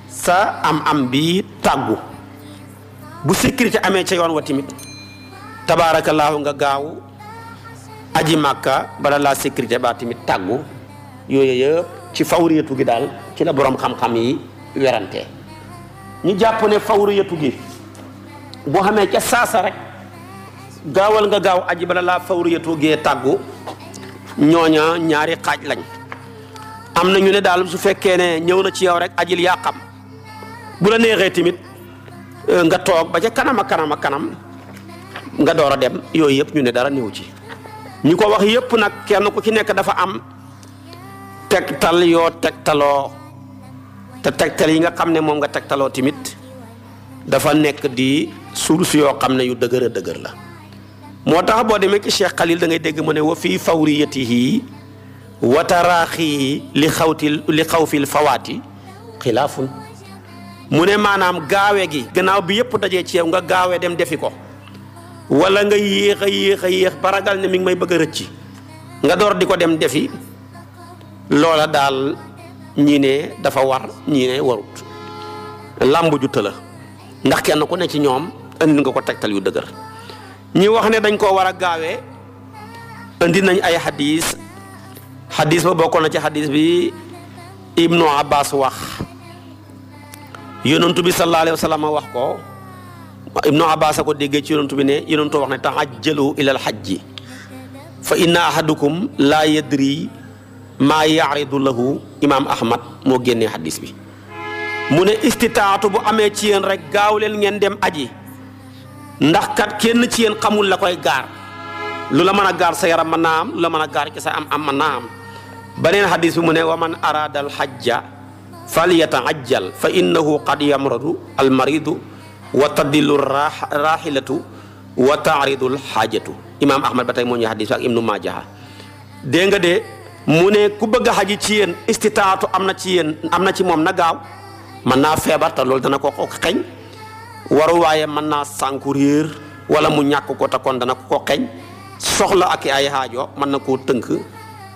sa am am bi tàggu bu sécurité amee ca yoon wa timit tabaarakallaahu nga gaaw aji makka bala laa sécurité baa timit tàggu yooyu yëpp ci fawriyatu gi daal ci la borom xam-xam yi werante ñu jàpp ne fawriyatu gi bu xamee ca saasa rek gaawal nga gaaw aji bala laa fawriyatu gee tàggu ñooña ñaari xaaj lañ am na ñu ne daal su fekkee ne ñëw na ci yow rek ajil yaa xam bu la neexee tamit euh, nga toog ba ca kanam a kanam nga door a dem yooyu yëpp ñu ne dara néew ci ñu ko wax yëpp nag kenn ku ci nekk dafa am tegtal yoo tegtaloo te tegtal yi nga xam ne moom nga tegtaloo tamit dafa nekk di source yoo xam ne yu dëgër dëgër la moo tax boo demee ci Cheikh Khalil da ngay dégg ma ne wa fii fawriyatihi wa taraaxihi li xawti li xaw xawfil fawaati xilaafun mu ne maanaam gaawe gi gannaaw bi yëpp dajee ci yow nga gaawe dem defi ko wala nga yéex a yéex a yéex baragal ne mi ngi may bëgg a rëcc nga door di ko dem defi loola daal ñii ne dafa war ñii ne warut làmb jutta ndax kenn ku ne ci ñoom andi nga ko tegtal yu dëgër ñi wax ne dañ koo war a gaawee andi nañ ay hadis xadis ba bokkoon na ci xadis bi ibnu abbas wax yonantu bi sallallahu alayhi wa sallam wax ko ibnu abbas a ko déggee ci yonantu bi ne yonantu wax ne taajjalu ilal xajji fa inna ahadukum laa yadri maa yaaridu lahu imaam ahmad moo génnee xadis bi mu ne istitaatu bu amee ci yéen rek gaaw leen ngeen dem aji ndax kat kenn ci yéen xamul la koy gaar lu la mën a gaar sa yaram mën naa lu la mën a gaar ci sa am am mën naa beneen hadis bi ne wa man araada al hajja falyataajjal fa innahu qad yamradu al maridu wa tadillu rahilatu, wa ta'ridu al hajatu imam ahmad batay tey hadis ñu ak ibnu majah de nga de mu cien, ku bëgg haji ci yeen istitaatu amna mana ci yeen amna ci mom na gaaw man na febar ta lol dana ko ko xagn waru waye man na sankurir wala mu ñàkk ko ta kon dana ko ko soxla ak ay haajo man na ko teunk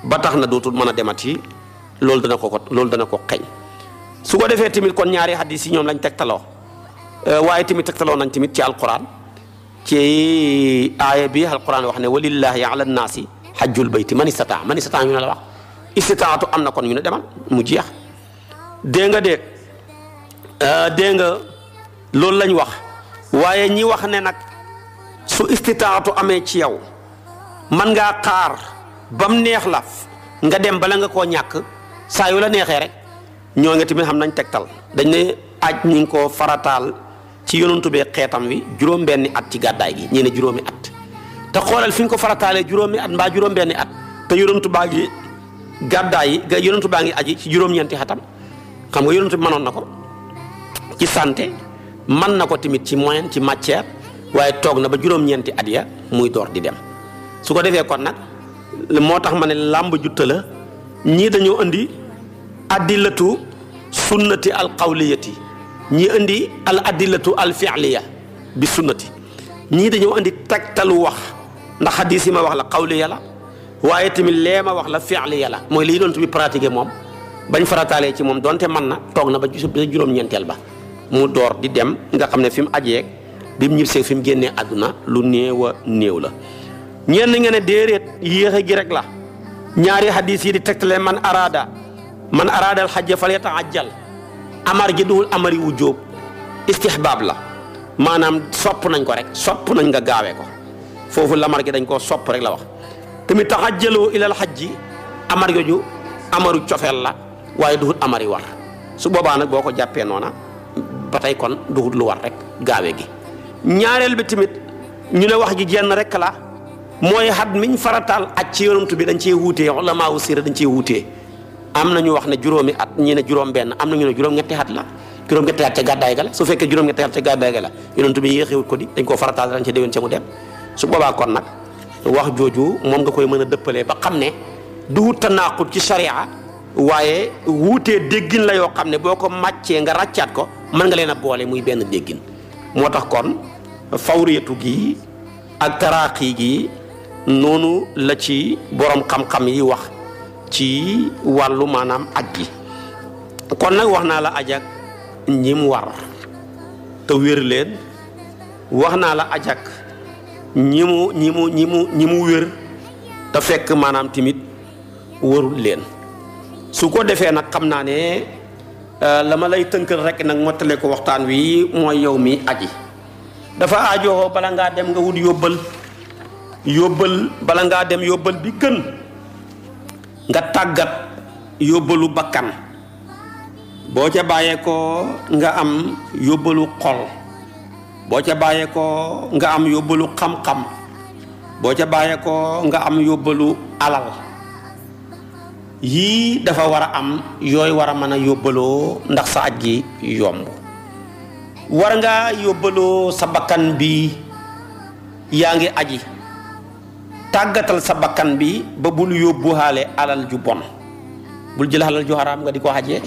ba tax na dootul mën a demati loolu dana ko ko loolu dana ko xeñ su ko defee tamit kon ñaari hadis yi ñoom lañ tegtaloo waaye tamit tegtaloo nañ tamit ci alquran ci aaya bi alquran wax ne walillahi ala nnaasi hajjul bayti man istataa man istataa ñu la wax istitaatu am kon ñu demal mu jeex dégg nga dégg dégg nga loolu lañ wax waaye ñi wax ne nag su istitaatu amee ci yow man ngaa xaar bam neex laf nga dem bala nga ko ñak sa yu la neexé rek ñoo nga timi xam nañ tegtal dañ né aaj ñu ko faratal ci yonantu be xétam wi juroom benni at ci gaday gi ñi ne at te xolal fiñ ko faratalé juroomi at mbaa juroom benni at te yonantu baa ngi ga yonantu ba ngi aji ci juroom ñenti xatam xam nga yonantu manon nako ci santé man nako timit ci moyen ci matière waye tok na ba juroom ñenti at ya muy dor di dem su ko defee kon nak moo tax ma ne làmb jutta la ñii dañoo indi addilatu sunnati al qawliyati ñii indi al addilatu al fi'liya bi sunnati ñii dañoo indi tegtalu wax ndax xadiis yi ma wax la qawliya la waaye tamit lee ma wax la fi'liya la mooy li doon bi pratiqué moom bañ farataalee ci moom donte man na toog na ba juróom-ñeenteel ba mu door di dem nga xam ne fi mu ajeeg bi mu ñibbisee fi mu génnee àdduna lu néew néew la ñenn nga ne déeréet yéexe gi rek la ñaari hadis yi di tegtale man araada man araadal xajja fal yataajjal amar gi duwul amari wu jóob istihbaab la maanaam sopp nañ ko rek sopp nañ ka gaawee ko foofu la gi dañ koo sopp rek la wax tamit taxajjaloo ilal xajji amar jooju amaru cofeel la waaye duhut amari war su boobaa nag boo ko jàppee noona ba tey kon duhut lu war rek gaawee gi ñaareel bi tamit ñu ne wax ji jenn rek la mooy xat miñ farataal aj ci yonent bi dañ cee wuutee ulamaa wu siira dañ cee wuutee am na ñu wax ne juróomi at ñi ne juróom benn am na ñu ne juróom-ñetti at la juróom-ñetti at ca gàddaay ga la su fekkee juróom-ñetti at ca gàddaay ga la yonent bi yéexewut ko di dañ koo farataal dañ ca déwén ca mu dem su boobaa kon nag wax jooju moom nga koy mën a dëppalee ba xam ne du tanaaqud ci sharia waaye wuutee déggin la yoo xam ne boo ko màccee nga ràccaat ko mën nga leen a boole muy benn déggin moo tax kon fawriyatu gi ak taraaqi gi noonu la ci borom xam-xam yi wax ci wàllu maanaam aj gi kon nag wax naa la aj ak ñi mu war te wér leen wax naa la ajak ak ñi mu ñi mu mu ñi mu wér te fekk maanaam tamit wërul leen su ko defee nag xam naa ne euh, lama lay tënkal rek nag mottale ko waxtaan wi mooy yow mi aji dafa aajoo bala ngaa dem nga wut yóbbal Yobel bala nga dem yobel bi gën nga tagat yobbalu bakkan bo ca ko nga am yobbalu xol bo ca ko nga am yobbalu xam-xam bo ca ko nga am yobbalu alal yi dafa wara am yoy wara mana yobbalo ndax sa gi yomb war nga yobbalo sa bi yaangi aji tagatal sa bakkan bi ba bul halé alal ju bon bul jël halal ju haram nga di hajé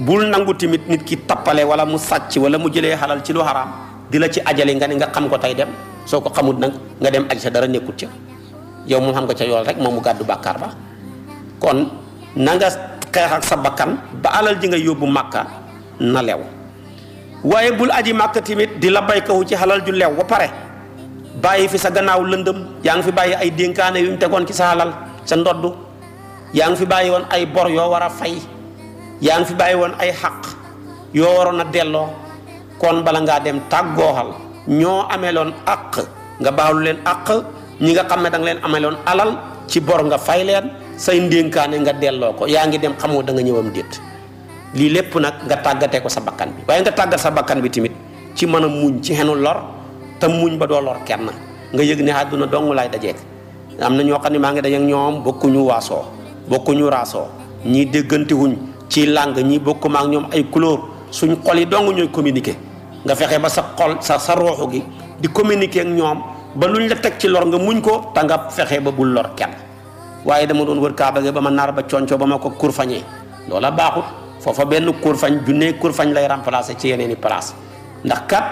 bul nangu timit nit ki tapalé wala mu sàcc wala mu jëlé halal ci lu haram dila ci ajalé nga nga xam ko tay dem soko xamut nak nga dem aji sa dara nekut ci yow mu xam ko ci yool rek momu gaddu bakkar ba kon nanga xex ak sa bakkan ba alal ji nga yobbu makka na lew waye bul aji makka timit di la ko ci halal ju lew ba pare bayyi fi sa gannaaw lëndëm yaa ngi fi bayyi ay dénkaane yu ñu tegoon ci sa sa ndodd yaa fi bayyi woon ay bor yoo war a fay yaa ngi fi bayyi woon ay xaq yoo waroon a kon bala ngaa dem tàggooxal ñoo ameloon àq nga baawlu leen àq ñi nga xam ne da nga leen ameloon alal ci bor nga fay leen say ndénkaane nga delloo ko yaa ngi dem xamoo da nga ñëwam déet lii lépp nag nga tàggatee ko sa bakkan bi waaye nga tàggat sa bakkan bi timit ci mën muñ ci xenu lor te muñ ba do lor kenn nga yëg ni aduna dong lay dajeek am na ñoo ma nga maa ñom bokku ñu waso bokku ñu raso ñi déggante wuñ ci lang ñi bokku maak ñom ay couleur suñ xol yi dong ñoy communiquer nga fexé ba sa xol sa sa roxu gi di communiquer ak ñom ba luñ la tek ci lor nga muñ ko ta nga ba bul lor kenn waye dama doon wër kaaba ge ba ma naar ba conco ba ma ko kurfañee loola baaxut foofa benn kurfañ junnee kurfañ lay remplacer ci yeneeni place ndax kat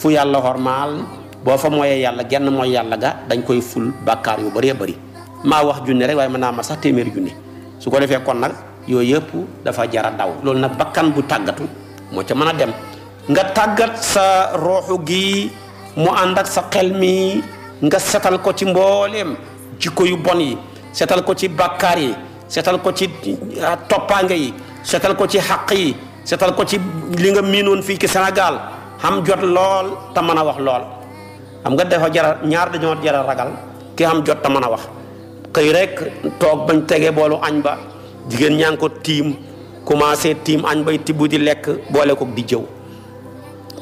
fu yalla hormal bo fa moye yalla genn moy yalla ga dañ koy ful bakar yu bari bari ma wax junne rek way na ma sax junne su ko defé kon nak yooyu dafa jara daw lol nak bakkan bu tagatu mo ca mën dem nga tagat sa rooxu gi mu andak sa xelmi nga setal ko ci ci ko yu bon yi setal ko ci yi setal ko ci ah, topanga yi setal ko ci haqi setal ko ci li nga minon fi ci senegal xam jot lool ta mën a wax lool xam nga dafa jara ñaar dañoo ragal ki xam jot ta mën a wax xëy rek toog bañ tegee boolu añ ba jigéen ñaa ngi ko tiim commencé tiim añ bay tibbu di lekk boole ko di jëw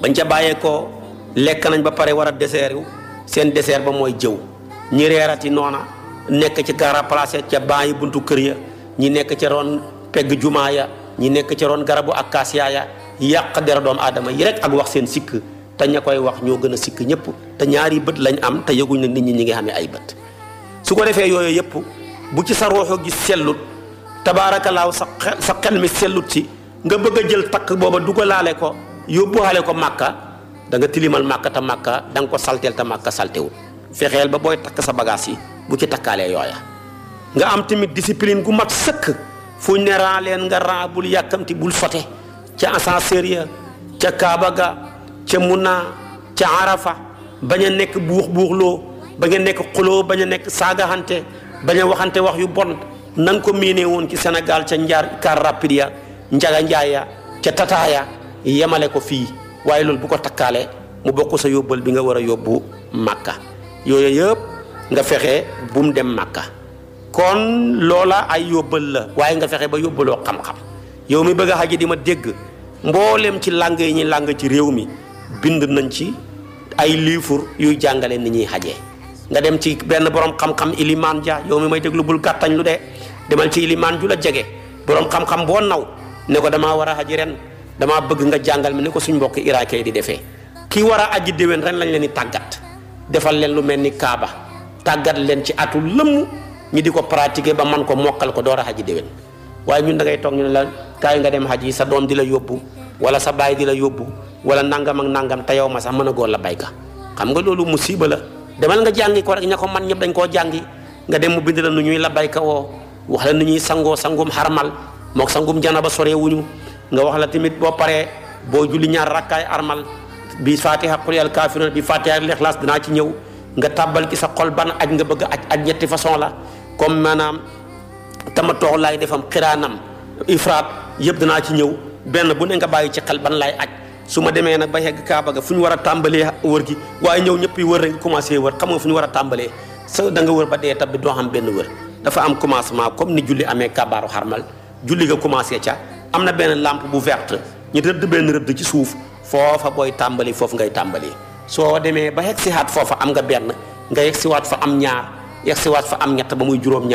bañ ca bàyyee ko lekk nañ ba pare war a sen yu seen dessert ba mooy jëw ñi reerati noona nekk ci gara placé ca bàyyi buntu kër ya ñi nekk ca ron pegg jumaa ya, ñi nekk ca ron garabu akasia ya yàq dera doomu aadama yi rek ak wax seen sikk te ña koy wax ñoo gën a sikk ñëpp te ñaari bët lañ am te yëguñ ne nit ñi ñi ngi amee ay bët su ko defee yooyu yëpp bu ci sa roxo gi sellut tabaarakallaahu sa xel mi sellut ci nga bëgg a jël takk booba dugalaale ko yóbbuwaale ko màkka danga tilimal màkka te màkka da ko salteel te màkka saltewul fexeel ba booy takk sa bagage yi bu ci takkaalee yooya nga am tamit discipline gu mat sëkk fuñ ne ran leen nga bul yàkkamti ci ascenseur ya ca kaaba ga ci muna ci arafa baña nek nekk buux buuxloo bañ a nekk xuloo bañ a nekk saagaxante waxante wax yu bon nan ko mine won ci senegal ci njar car rapide ya, njaga njaaya ya, ci tataaya yemale ko fi waye lol bu ko takkaale mu bokku sa yobbal bi nga wara yobbu makka màkka yeb nga fexé bum dem makka kon lola ay yobbal la waye nga fexé ba yobbalo xam-xam yow mi bëgg di ma dégg mboolem ci langue yi ñi langue ci réew mi bind nañ ci ay livre yuy jàngale ni ñuy xajee nga dem ci benn borom xam-xam iliman ja yow mi may déglu bul gàttañ lu de demal ci iliman ju la jege borom xam-xam boo naw ne ko dama war a ren dama bëgg nga jàngal mi ne ko suñ mbokk di defee ki war a aji déwén ren lañ leen di tàggat defal leen lu mel ni kaaba tàggat leen ci atu lëmm ñi di ko pratiquer ba man ko mokkal ko door a xaji déwén waye ñun da ngay tok ñu la kay nga dem haji sa dom dila yobbu wala sa baay di yobbu wala nangam ak nangam te yow ma sax mëna gol la bay ka xam nga lolu musiba la demal nga jangi ko rek ñako man ñep dañ ko jangi nga dem mu bind la nu ñuy la bay ka woo wax la nu ñuy sango sangum harmal mok sangum janaba sore wuñu nga wax la timit bo paré bo julli ñaar rakkay armal bi fatiha qul al kafirun bi fatiha ikhlas dina ci ñew nga tabal ki sa xol ban aj nga bëgg aj aj ñetti façon la comme manam tamatoox laay defam xiraanam ifraat yëpp danaa ci ñëw benn bu ne nga bàyyi ci xel ban laay aj su ma demee nag ba yegg kaaba ga fu ñu war a tàmbalee wër gi waaye ñëw ñëpp yi wër rek commencé wër xam nga fu ñu war a tàmbalee sa da nga wër ba dee tab bi doo benn wër dafa am commencement comme ni julli amee kabaaru xarmal julli nga commencé ca am na benn lampe bu verte ñu rëdd benn rëdd ci suuf foofa booy tàmbali foofu ngay tàmbali soo demee ba yegg si waat foofa am nga benn nga yegg si waat fa am ñaar yegg si waat fa am ñett ba muy juróom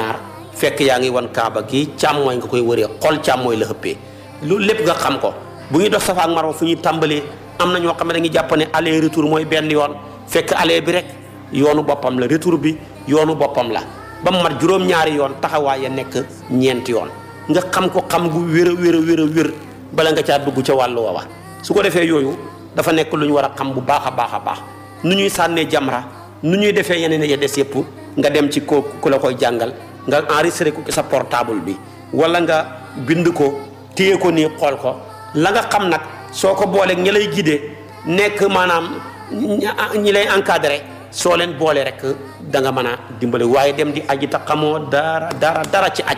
fekk yaa ngi wan kaaba gi càmmooñ nga koy wëree xol càmmooñ la xëppee loolu lépp nga xam ko bu ñuy dox safa ak marwa fu ñuy tàmbalee am na ñoo xam ne dañuy jàpp ne aller retour mooy benn yoon fekk aller bi rek yoonu boppam la retour bi yoonu boppam la ba mu mat juróom-ñaari yoon taxawaay ya nekk ñeenti yoon nga xam ko xam gu wér a wér a wér bala nga caa dugg ca wàll woowa su ko defee yooyu dafa nekk lu ñu war a xam bu baax a baax a baax nu ñuy sànnee jamra nu ñuy defee yeneen ya des nga dem ci ko ku la koy jàngal nga enregistré ko sa portable bi wala nga bind ko téye ko nii xool ko la nga xam nag soo ko boole ñi lay gidee nekk maanaam ñi lay encadré soo leen boole rek da nga mën a dimbale waaye dem di aji ta xamoo dara dara dara ci aj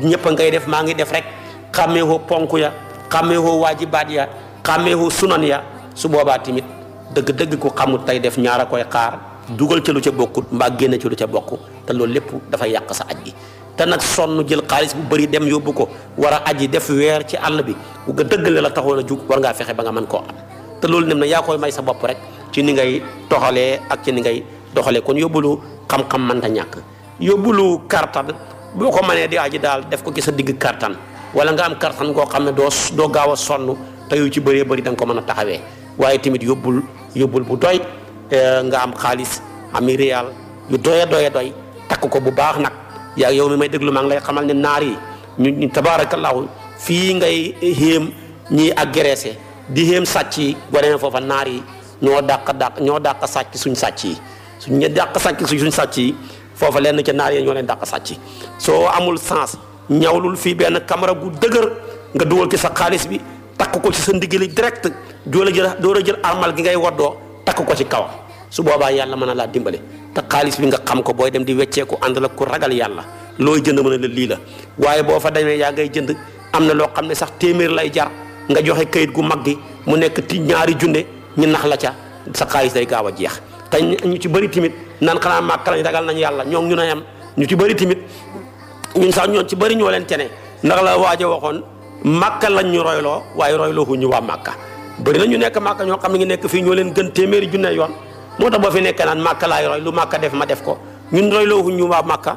ñëpp ngay def maa ngi def rek xàmmee ponk ya xàmmee ho waajibaat ya xàmmee sunan ya su boobaa timit dëgg-dëgg ku xamul tey def ñaara koy xaar dugal ci lu ca bokkut mbaa ci lu ca te loolu lépp dafa yàq sa aj gi te nag sonn jël xaalis bu bëri dem yóbbu ko war aji def weer ci àll bi bu nga dëggale la taxoon a jug war ngaa fexe ba nga mën koo am te loolu nem na yaa koy may sa bopp rek ci ni ngay toxalee ak ci ni ngay doxalee kon yóbbulu xam-xam mënta ñàkk yóbbulu kartan boo ko mënee di aji dal. def ko ci sa digg kartan wala nga am kartan koo xam ne do doo gaaw a sonn te yu ci bëree bëri da nga ko mën a taxawee waaye tamit yóbbul yóbbul bu doy eh, nga am xaalis ami réal yu doye doye doy takk ko bu baax nak ya yow mi may deglu mang lay xamal ni nar yi ñu tabarakallahu fi ngay héem ñi agressé di héem sàcc yi boo demee foofa yi ño dak dak ño dak sàcc suñ sàcc suñ ñi dak sàcc suñ sàcc fofa lenn ca yi ño len dak sàcc so amul sens ñawlul fi ben camera gu dëgër nga dugal ci sa xaliss bi takk ko ci sa ndigeli direct do la jël do la jël armal gi ngay waddoo takk ko ci kawam su boba yalla man la dimbalé ta khalis bi nga xam ko boy dem di wéccé ko andal ko ragal yalla loy jënd mëna a la la waye bo fa dañé ya ngay jënd amna lo xamné ne sax témir lay jar nga joxé kayit gu maggi mu nekk ti ñaari jundé ñi nax la ca sa khalis day gawa jeex te ñu ci timit nan naan ma kala lañ dagal nañ yalla ñok ñu nayam ñu ci bari timit ñun sax ñoon ci bari ñoo leen téné ndax la waja waxon makka lañ ñu roylo roylo hu ñu wa makka bari na ñu nekk makka ñoo xam nga nekk ñoo leen gën téméri junne yoon moo tax boo fi nekk naan màkka laay roy lu màkka def ma def ko ñun royloo fu ñu waa màkka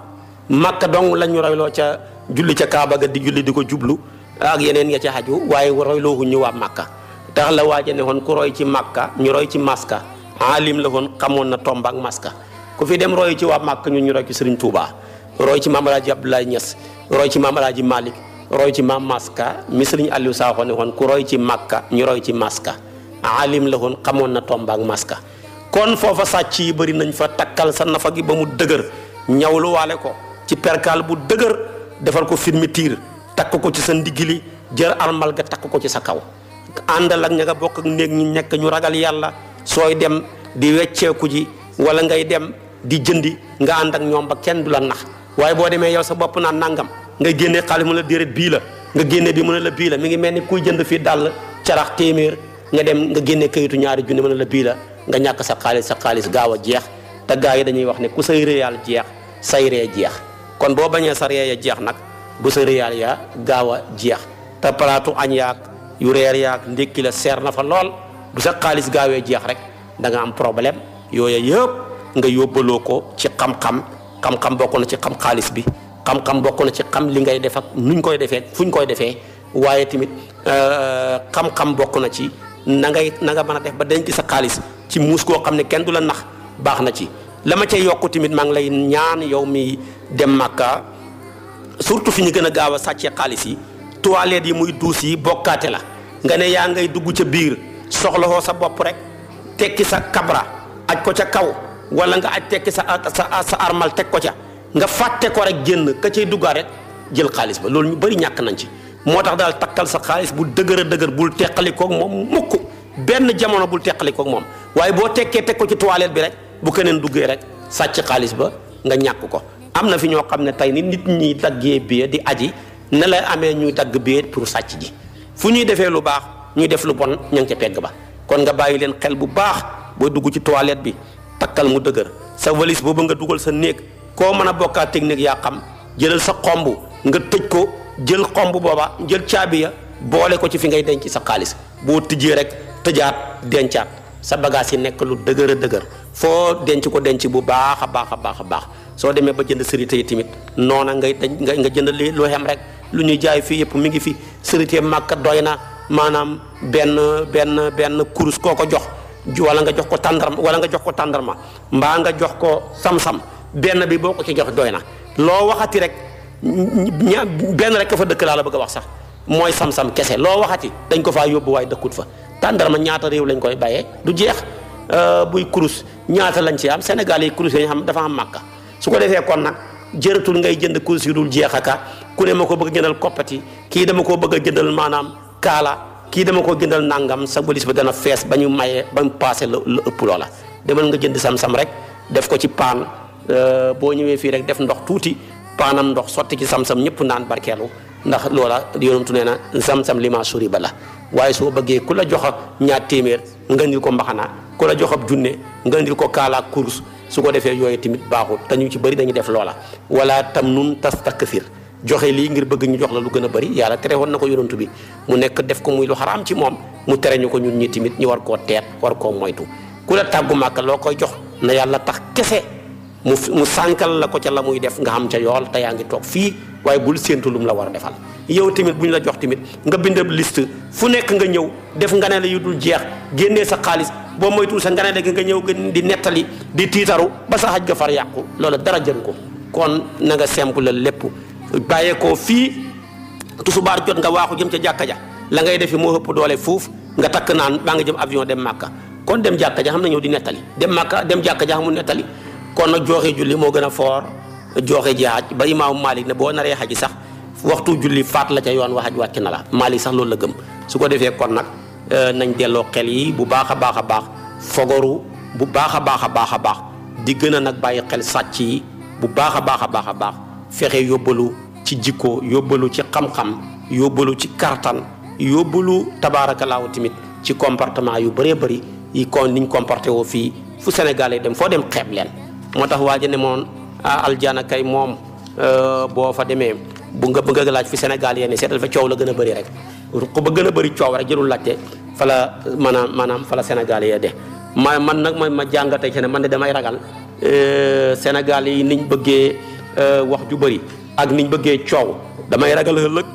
màkka dong lañ ñu royloo ca julli ca Kaaba ga di julli di ko jublu ak yeneen ya ca xaju waaye royloo fu ñu waa màkka tax la waaja ne woon ku roy ci màkka ñu roy ci maska alim la woon xamoon na tomba ak maska ku fi dem roy ci waa màkka ñun ñu roy ci Serigne Touba roy ci Maam Alaaji Abdoulaye Niass roy ci Maam Alaaji Malick ci maam maska mi Aliou Sakho ne woon ci màkka ñu roy ci maska alim la woon xamoon na tomba ak maska kon foofa sàcc bari nañ fa takal sa nafa gi ba mu ñawlu walé ko ci perkaal bu dëgër defal ko firmitir tak ko ci sa ndigili jeur armal ga tak ko ci sa kaw andal ak ñaga bok ak neeg ñi nekk ñu ragal yalla soy dem di ku ji wala ngay dem di jëndi nga and ak ñom ba kenn du la nax waaye bo démé yow sa bop na nangam nga génné xalimu la déret bi la nga génné bi mu la bi la mi ngi melni kuy jënd témir nga dem nga génné kayitu ñaari junni mu la bi la nga ñak sa xaaliss sa xaaliss gaaw jeex ta gaay dañuy wax ne ku say réal jeex say ree jeex kon boo bañee sa ree ya jeex nag bu sa réal ya gaaw jeex te palaatu añ yaag yu reer yaag ndékki la seer na fa lool bu sa xaaliss gaawee jeex rek da nga am problème yooya yëpp nga yóbbaloo ko ci xam-xam xam-xam bokk na ci xam xaalis bi xam-xam bokk na ci xam li ngay def ak nuñ koy defee fuñ koy defee waaye tamit euh, xam-xam bokk na ci na ngay na nga mën def ba denc sa xaalis ci mus ko xamne ne kenn du la nax baxna ci la ci yokku timit mang lay ñaan yow mi dem makka surtout fi ñu gën a gaaw a yi toilette yi muy duus yi bokkaate la nga ne ya ngay dugg biir ho sa bop rek tekki sa kabra aj ko ca kaw wala nga aj tekki sa sa sa armal tek ko ca nga fàtte ko rek genn ka ci dugga rek jël xaalis ba loolu ñu bëri nañ ci motax dal takkal sa xaalis bu deugere deugere bu mukk benn jamono bul teqali ko moom waaye boo tekkee teg ko ci toilette bi rek bu keneen duggee rek sàcc xaalis ba nga ñàkk ko am na fi ñoo xam ne tey ni nit ñi daggee billet di aji ne lay amee ñuy dagg billet pour sàcc ji fu ñuy defee lu baax ñuy def lu bon ña ngi ca pegg ba kon nga bàyyi leen xel bu baax booy dugg ci toilette bi takkal mu dëgër sa valise boobu nga dugal sa néeg koo mën a bokkaa technique yaa xam jëlal sa xomb nga tëj ko jël xomb booba jël caabi ya boole ko ci fi ngay denc sa xaalis boo tijjee rek tejat dencat, sa bagage yi nek lu dëgër a fo denc ko denc bu baakha baakha baakha a baax a baax ba jënd sérité timit nona ngay nga jënd li lu xem rek lu ñuy jaay fi yépp mi ngi fi sérité mak doyna manam, ben ben ben kurus koko ko jox wala nga jox ko tandarma wala nga jox ko tandarma mba nga jox ko sam-sam ben bi boko ci jox doyna lo waxati rek ben rek ka fa dëkk la la bëgg wax sax moy sam-sam kese lo waxati dañ ko fa yobbu way dëkkut fa tàndarma ñaata réew lañ koy bayé du jeex euh, buy krus, ñaata lañ ci am sénégal yi kurus yi dafa am makka su ko défé kon nak jëratul ngay jënd kurus yu dul jeexaka ku ne mako bëgg jëndal copati ki dama ko bëgg jëndal manam kala ki dama ko jëndal nangam sa bëlis ba dana fess bañu mayé bañ passé le ëpp loola demal nga jënd sam-sam rek def ko ci euh bo ñëwé fi rek def ndox tuuti panam ndox soti ci sam-sam ñëpp naan barkelu ndax loola yonumtu nee na zam-zam li ma suri ba la waaye soo bëggee ku la jox ñaar téeméer nga ndil ko mbaxanaa ku la jox junne nga ndil ko kaala kurus su ko defee yooyu tamit baaxul te ñu ci bëri dañuy def loola wala tam nun tas fiir joxe lii ngir bëgg ñu jox la lu gën a bëri yàlla tere woon na ko yonantu bi mu nekk def ko muy lu xaraam ci moom mu tere ñu ko ñun ñi tamit ñu war koo teet war koo moytu ku la tàggu màkk loo koy jox na yàlla tax kese mu sankal la ko ca lamuy def nga xam ca yool te yaa tok fi fii bul sentu lum la war defal yow timit buñ la jox timit nga bindab liste fu nek nga ñew def nganale yu dul jeex génnee sa xaalis boo moytuwul sa nganale nga ñëw di netali. di titaru ba sa xaj ga far yaqku loola dara jëru ko kon na nga simple lépp bàyyeekoo fii bar jot nga waxu jëm ca jakka ja la ngay def mo bang doole fuf nga tak naan ba nga jëm avion dem makka kon dem jakka ja xam na ñew di netali. dem makka dem jakka ja xamul netali. kon nag jooxe julli moo gën a foor jooxe ji xaj ba imaamu Malik na boo naree xaji sax waxtu julli faat la ca yoon wa xaj wàcc na la Malik sax loolu la gëm su ko defee kon nag euh, nañ delloo xel yi bu baax a baax a baax fogoru bu baax a baax a baax a baax di gën a nag bàyyi xel sàcc yi bu baax a baax a baax a baax fexe yóbbalu ci jikko yóbbalu ci xam-xam yóbbalu ci kartan yóbbalu tabaarakalaaw tamit ci comportement yu bëree bëri yi kon niñ comporté woo fii fu Sénégalais dem foo dem xeeb leen moo tax waa ji ne moom ah aljana kay moom euh, boo fa demee bu nga bëgg a laaj fi Sénégal yéen seetal fa coow la gën a bari rek ku ba gën a bëri coow rek jërul laajte fa la maanaam maanaam fa la Sénégal yee de ma man nag ma ma jàngatee ci ne man de damay ragal euh, Sénégal yi niñ bëggee euh, wax ju bëri ak niñ bëggee coow damay ragal ëllëg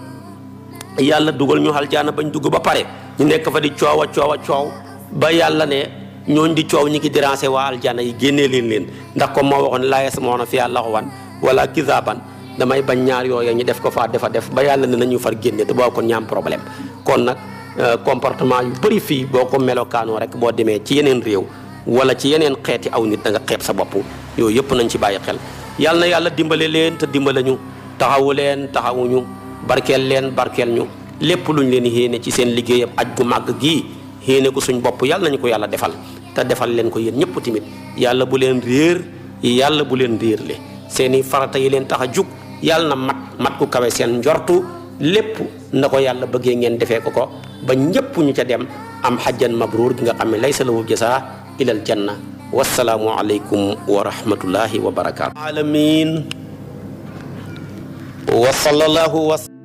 yàlla dugal ñu aljana bañ dugg ba pare ñu nekk fa di coow a coow a coow ba yàlla ne. ñooñ di coow ñi ki déranger waa aljana yi génnee leen leen ndax comme moo waxoon laa moo yasmauna fiihaa laghwan wala kizaaban damay bañ ñaar yooyu ñu def ko fa defa def ba yàlla ne nañu far génne te boo ko ñaam problème kon nag euh, comportement yu bëri fii boo ko melokaanoo rek boo demee ci yeneen réew wala ci yeneen xeeti aw nit da nga xeeb sa bopp yooyu yëpp nañ ci bàyyi xel yàlla na yàlla dimbale leen te dimbale ñu taxawu leen taxawuñu barkeel leen barkeel ñu lépp luñ leen yéene ci seen liggéeyam aj gu màgg gii yéene ko suñ bop yalla nañ ko yalla defal ta defal len ko yeen ñepp timit yalla bu len reer yalla bu len reer le seeni farata yi len tax a na mat mat ko kawé seen njortu lepp nako yalla bëgge ngeen defé ko ko ba ñepp ñu ca dem am hajjan mabrur gi nga xamé laysa lahu jasa ila al janna wassalamu alaykum wa rahmatullahi wa barakatuh alamin wa sallallahu wa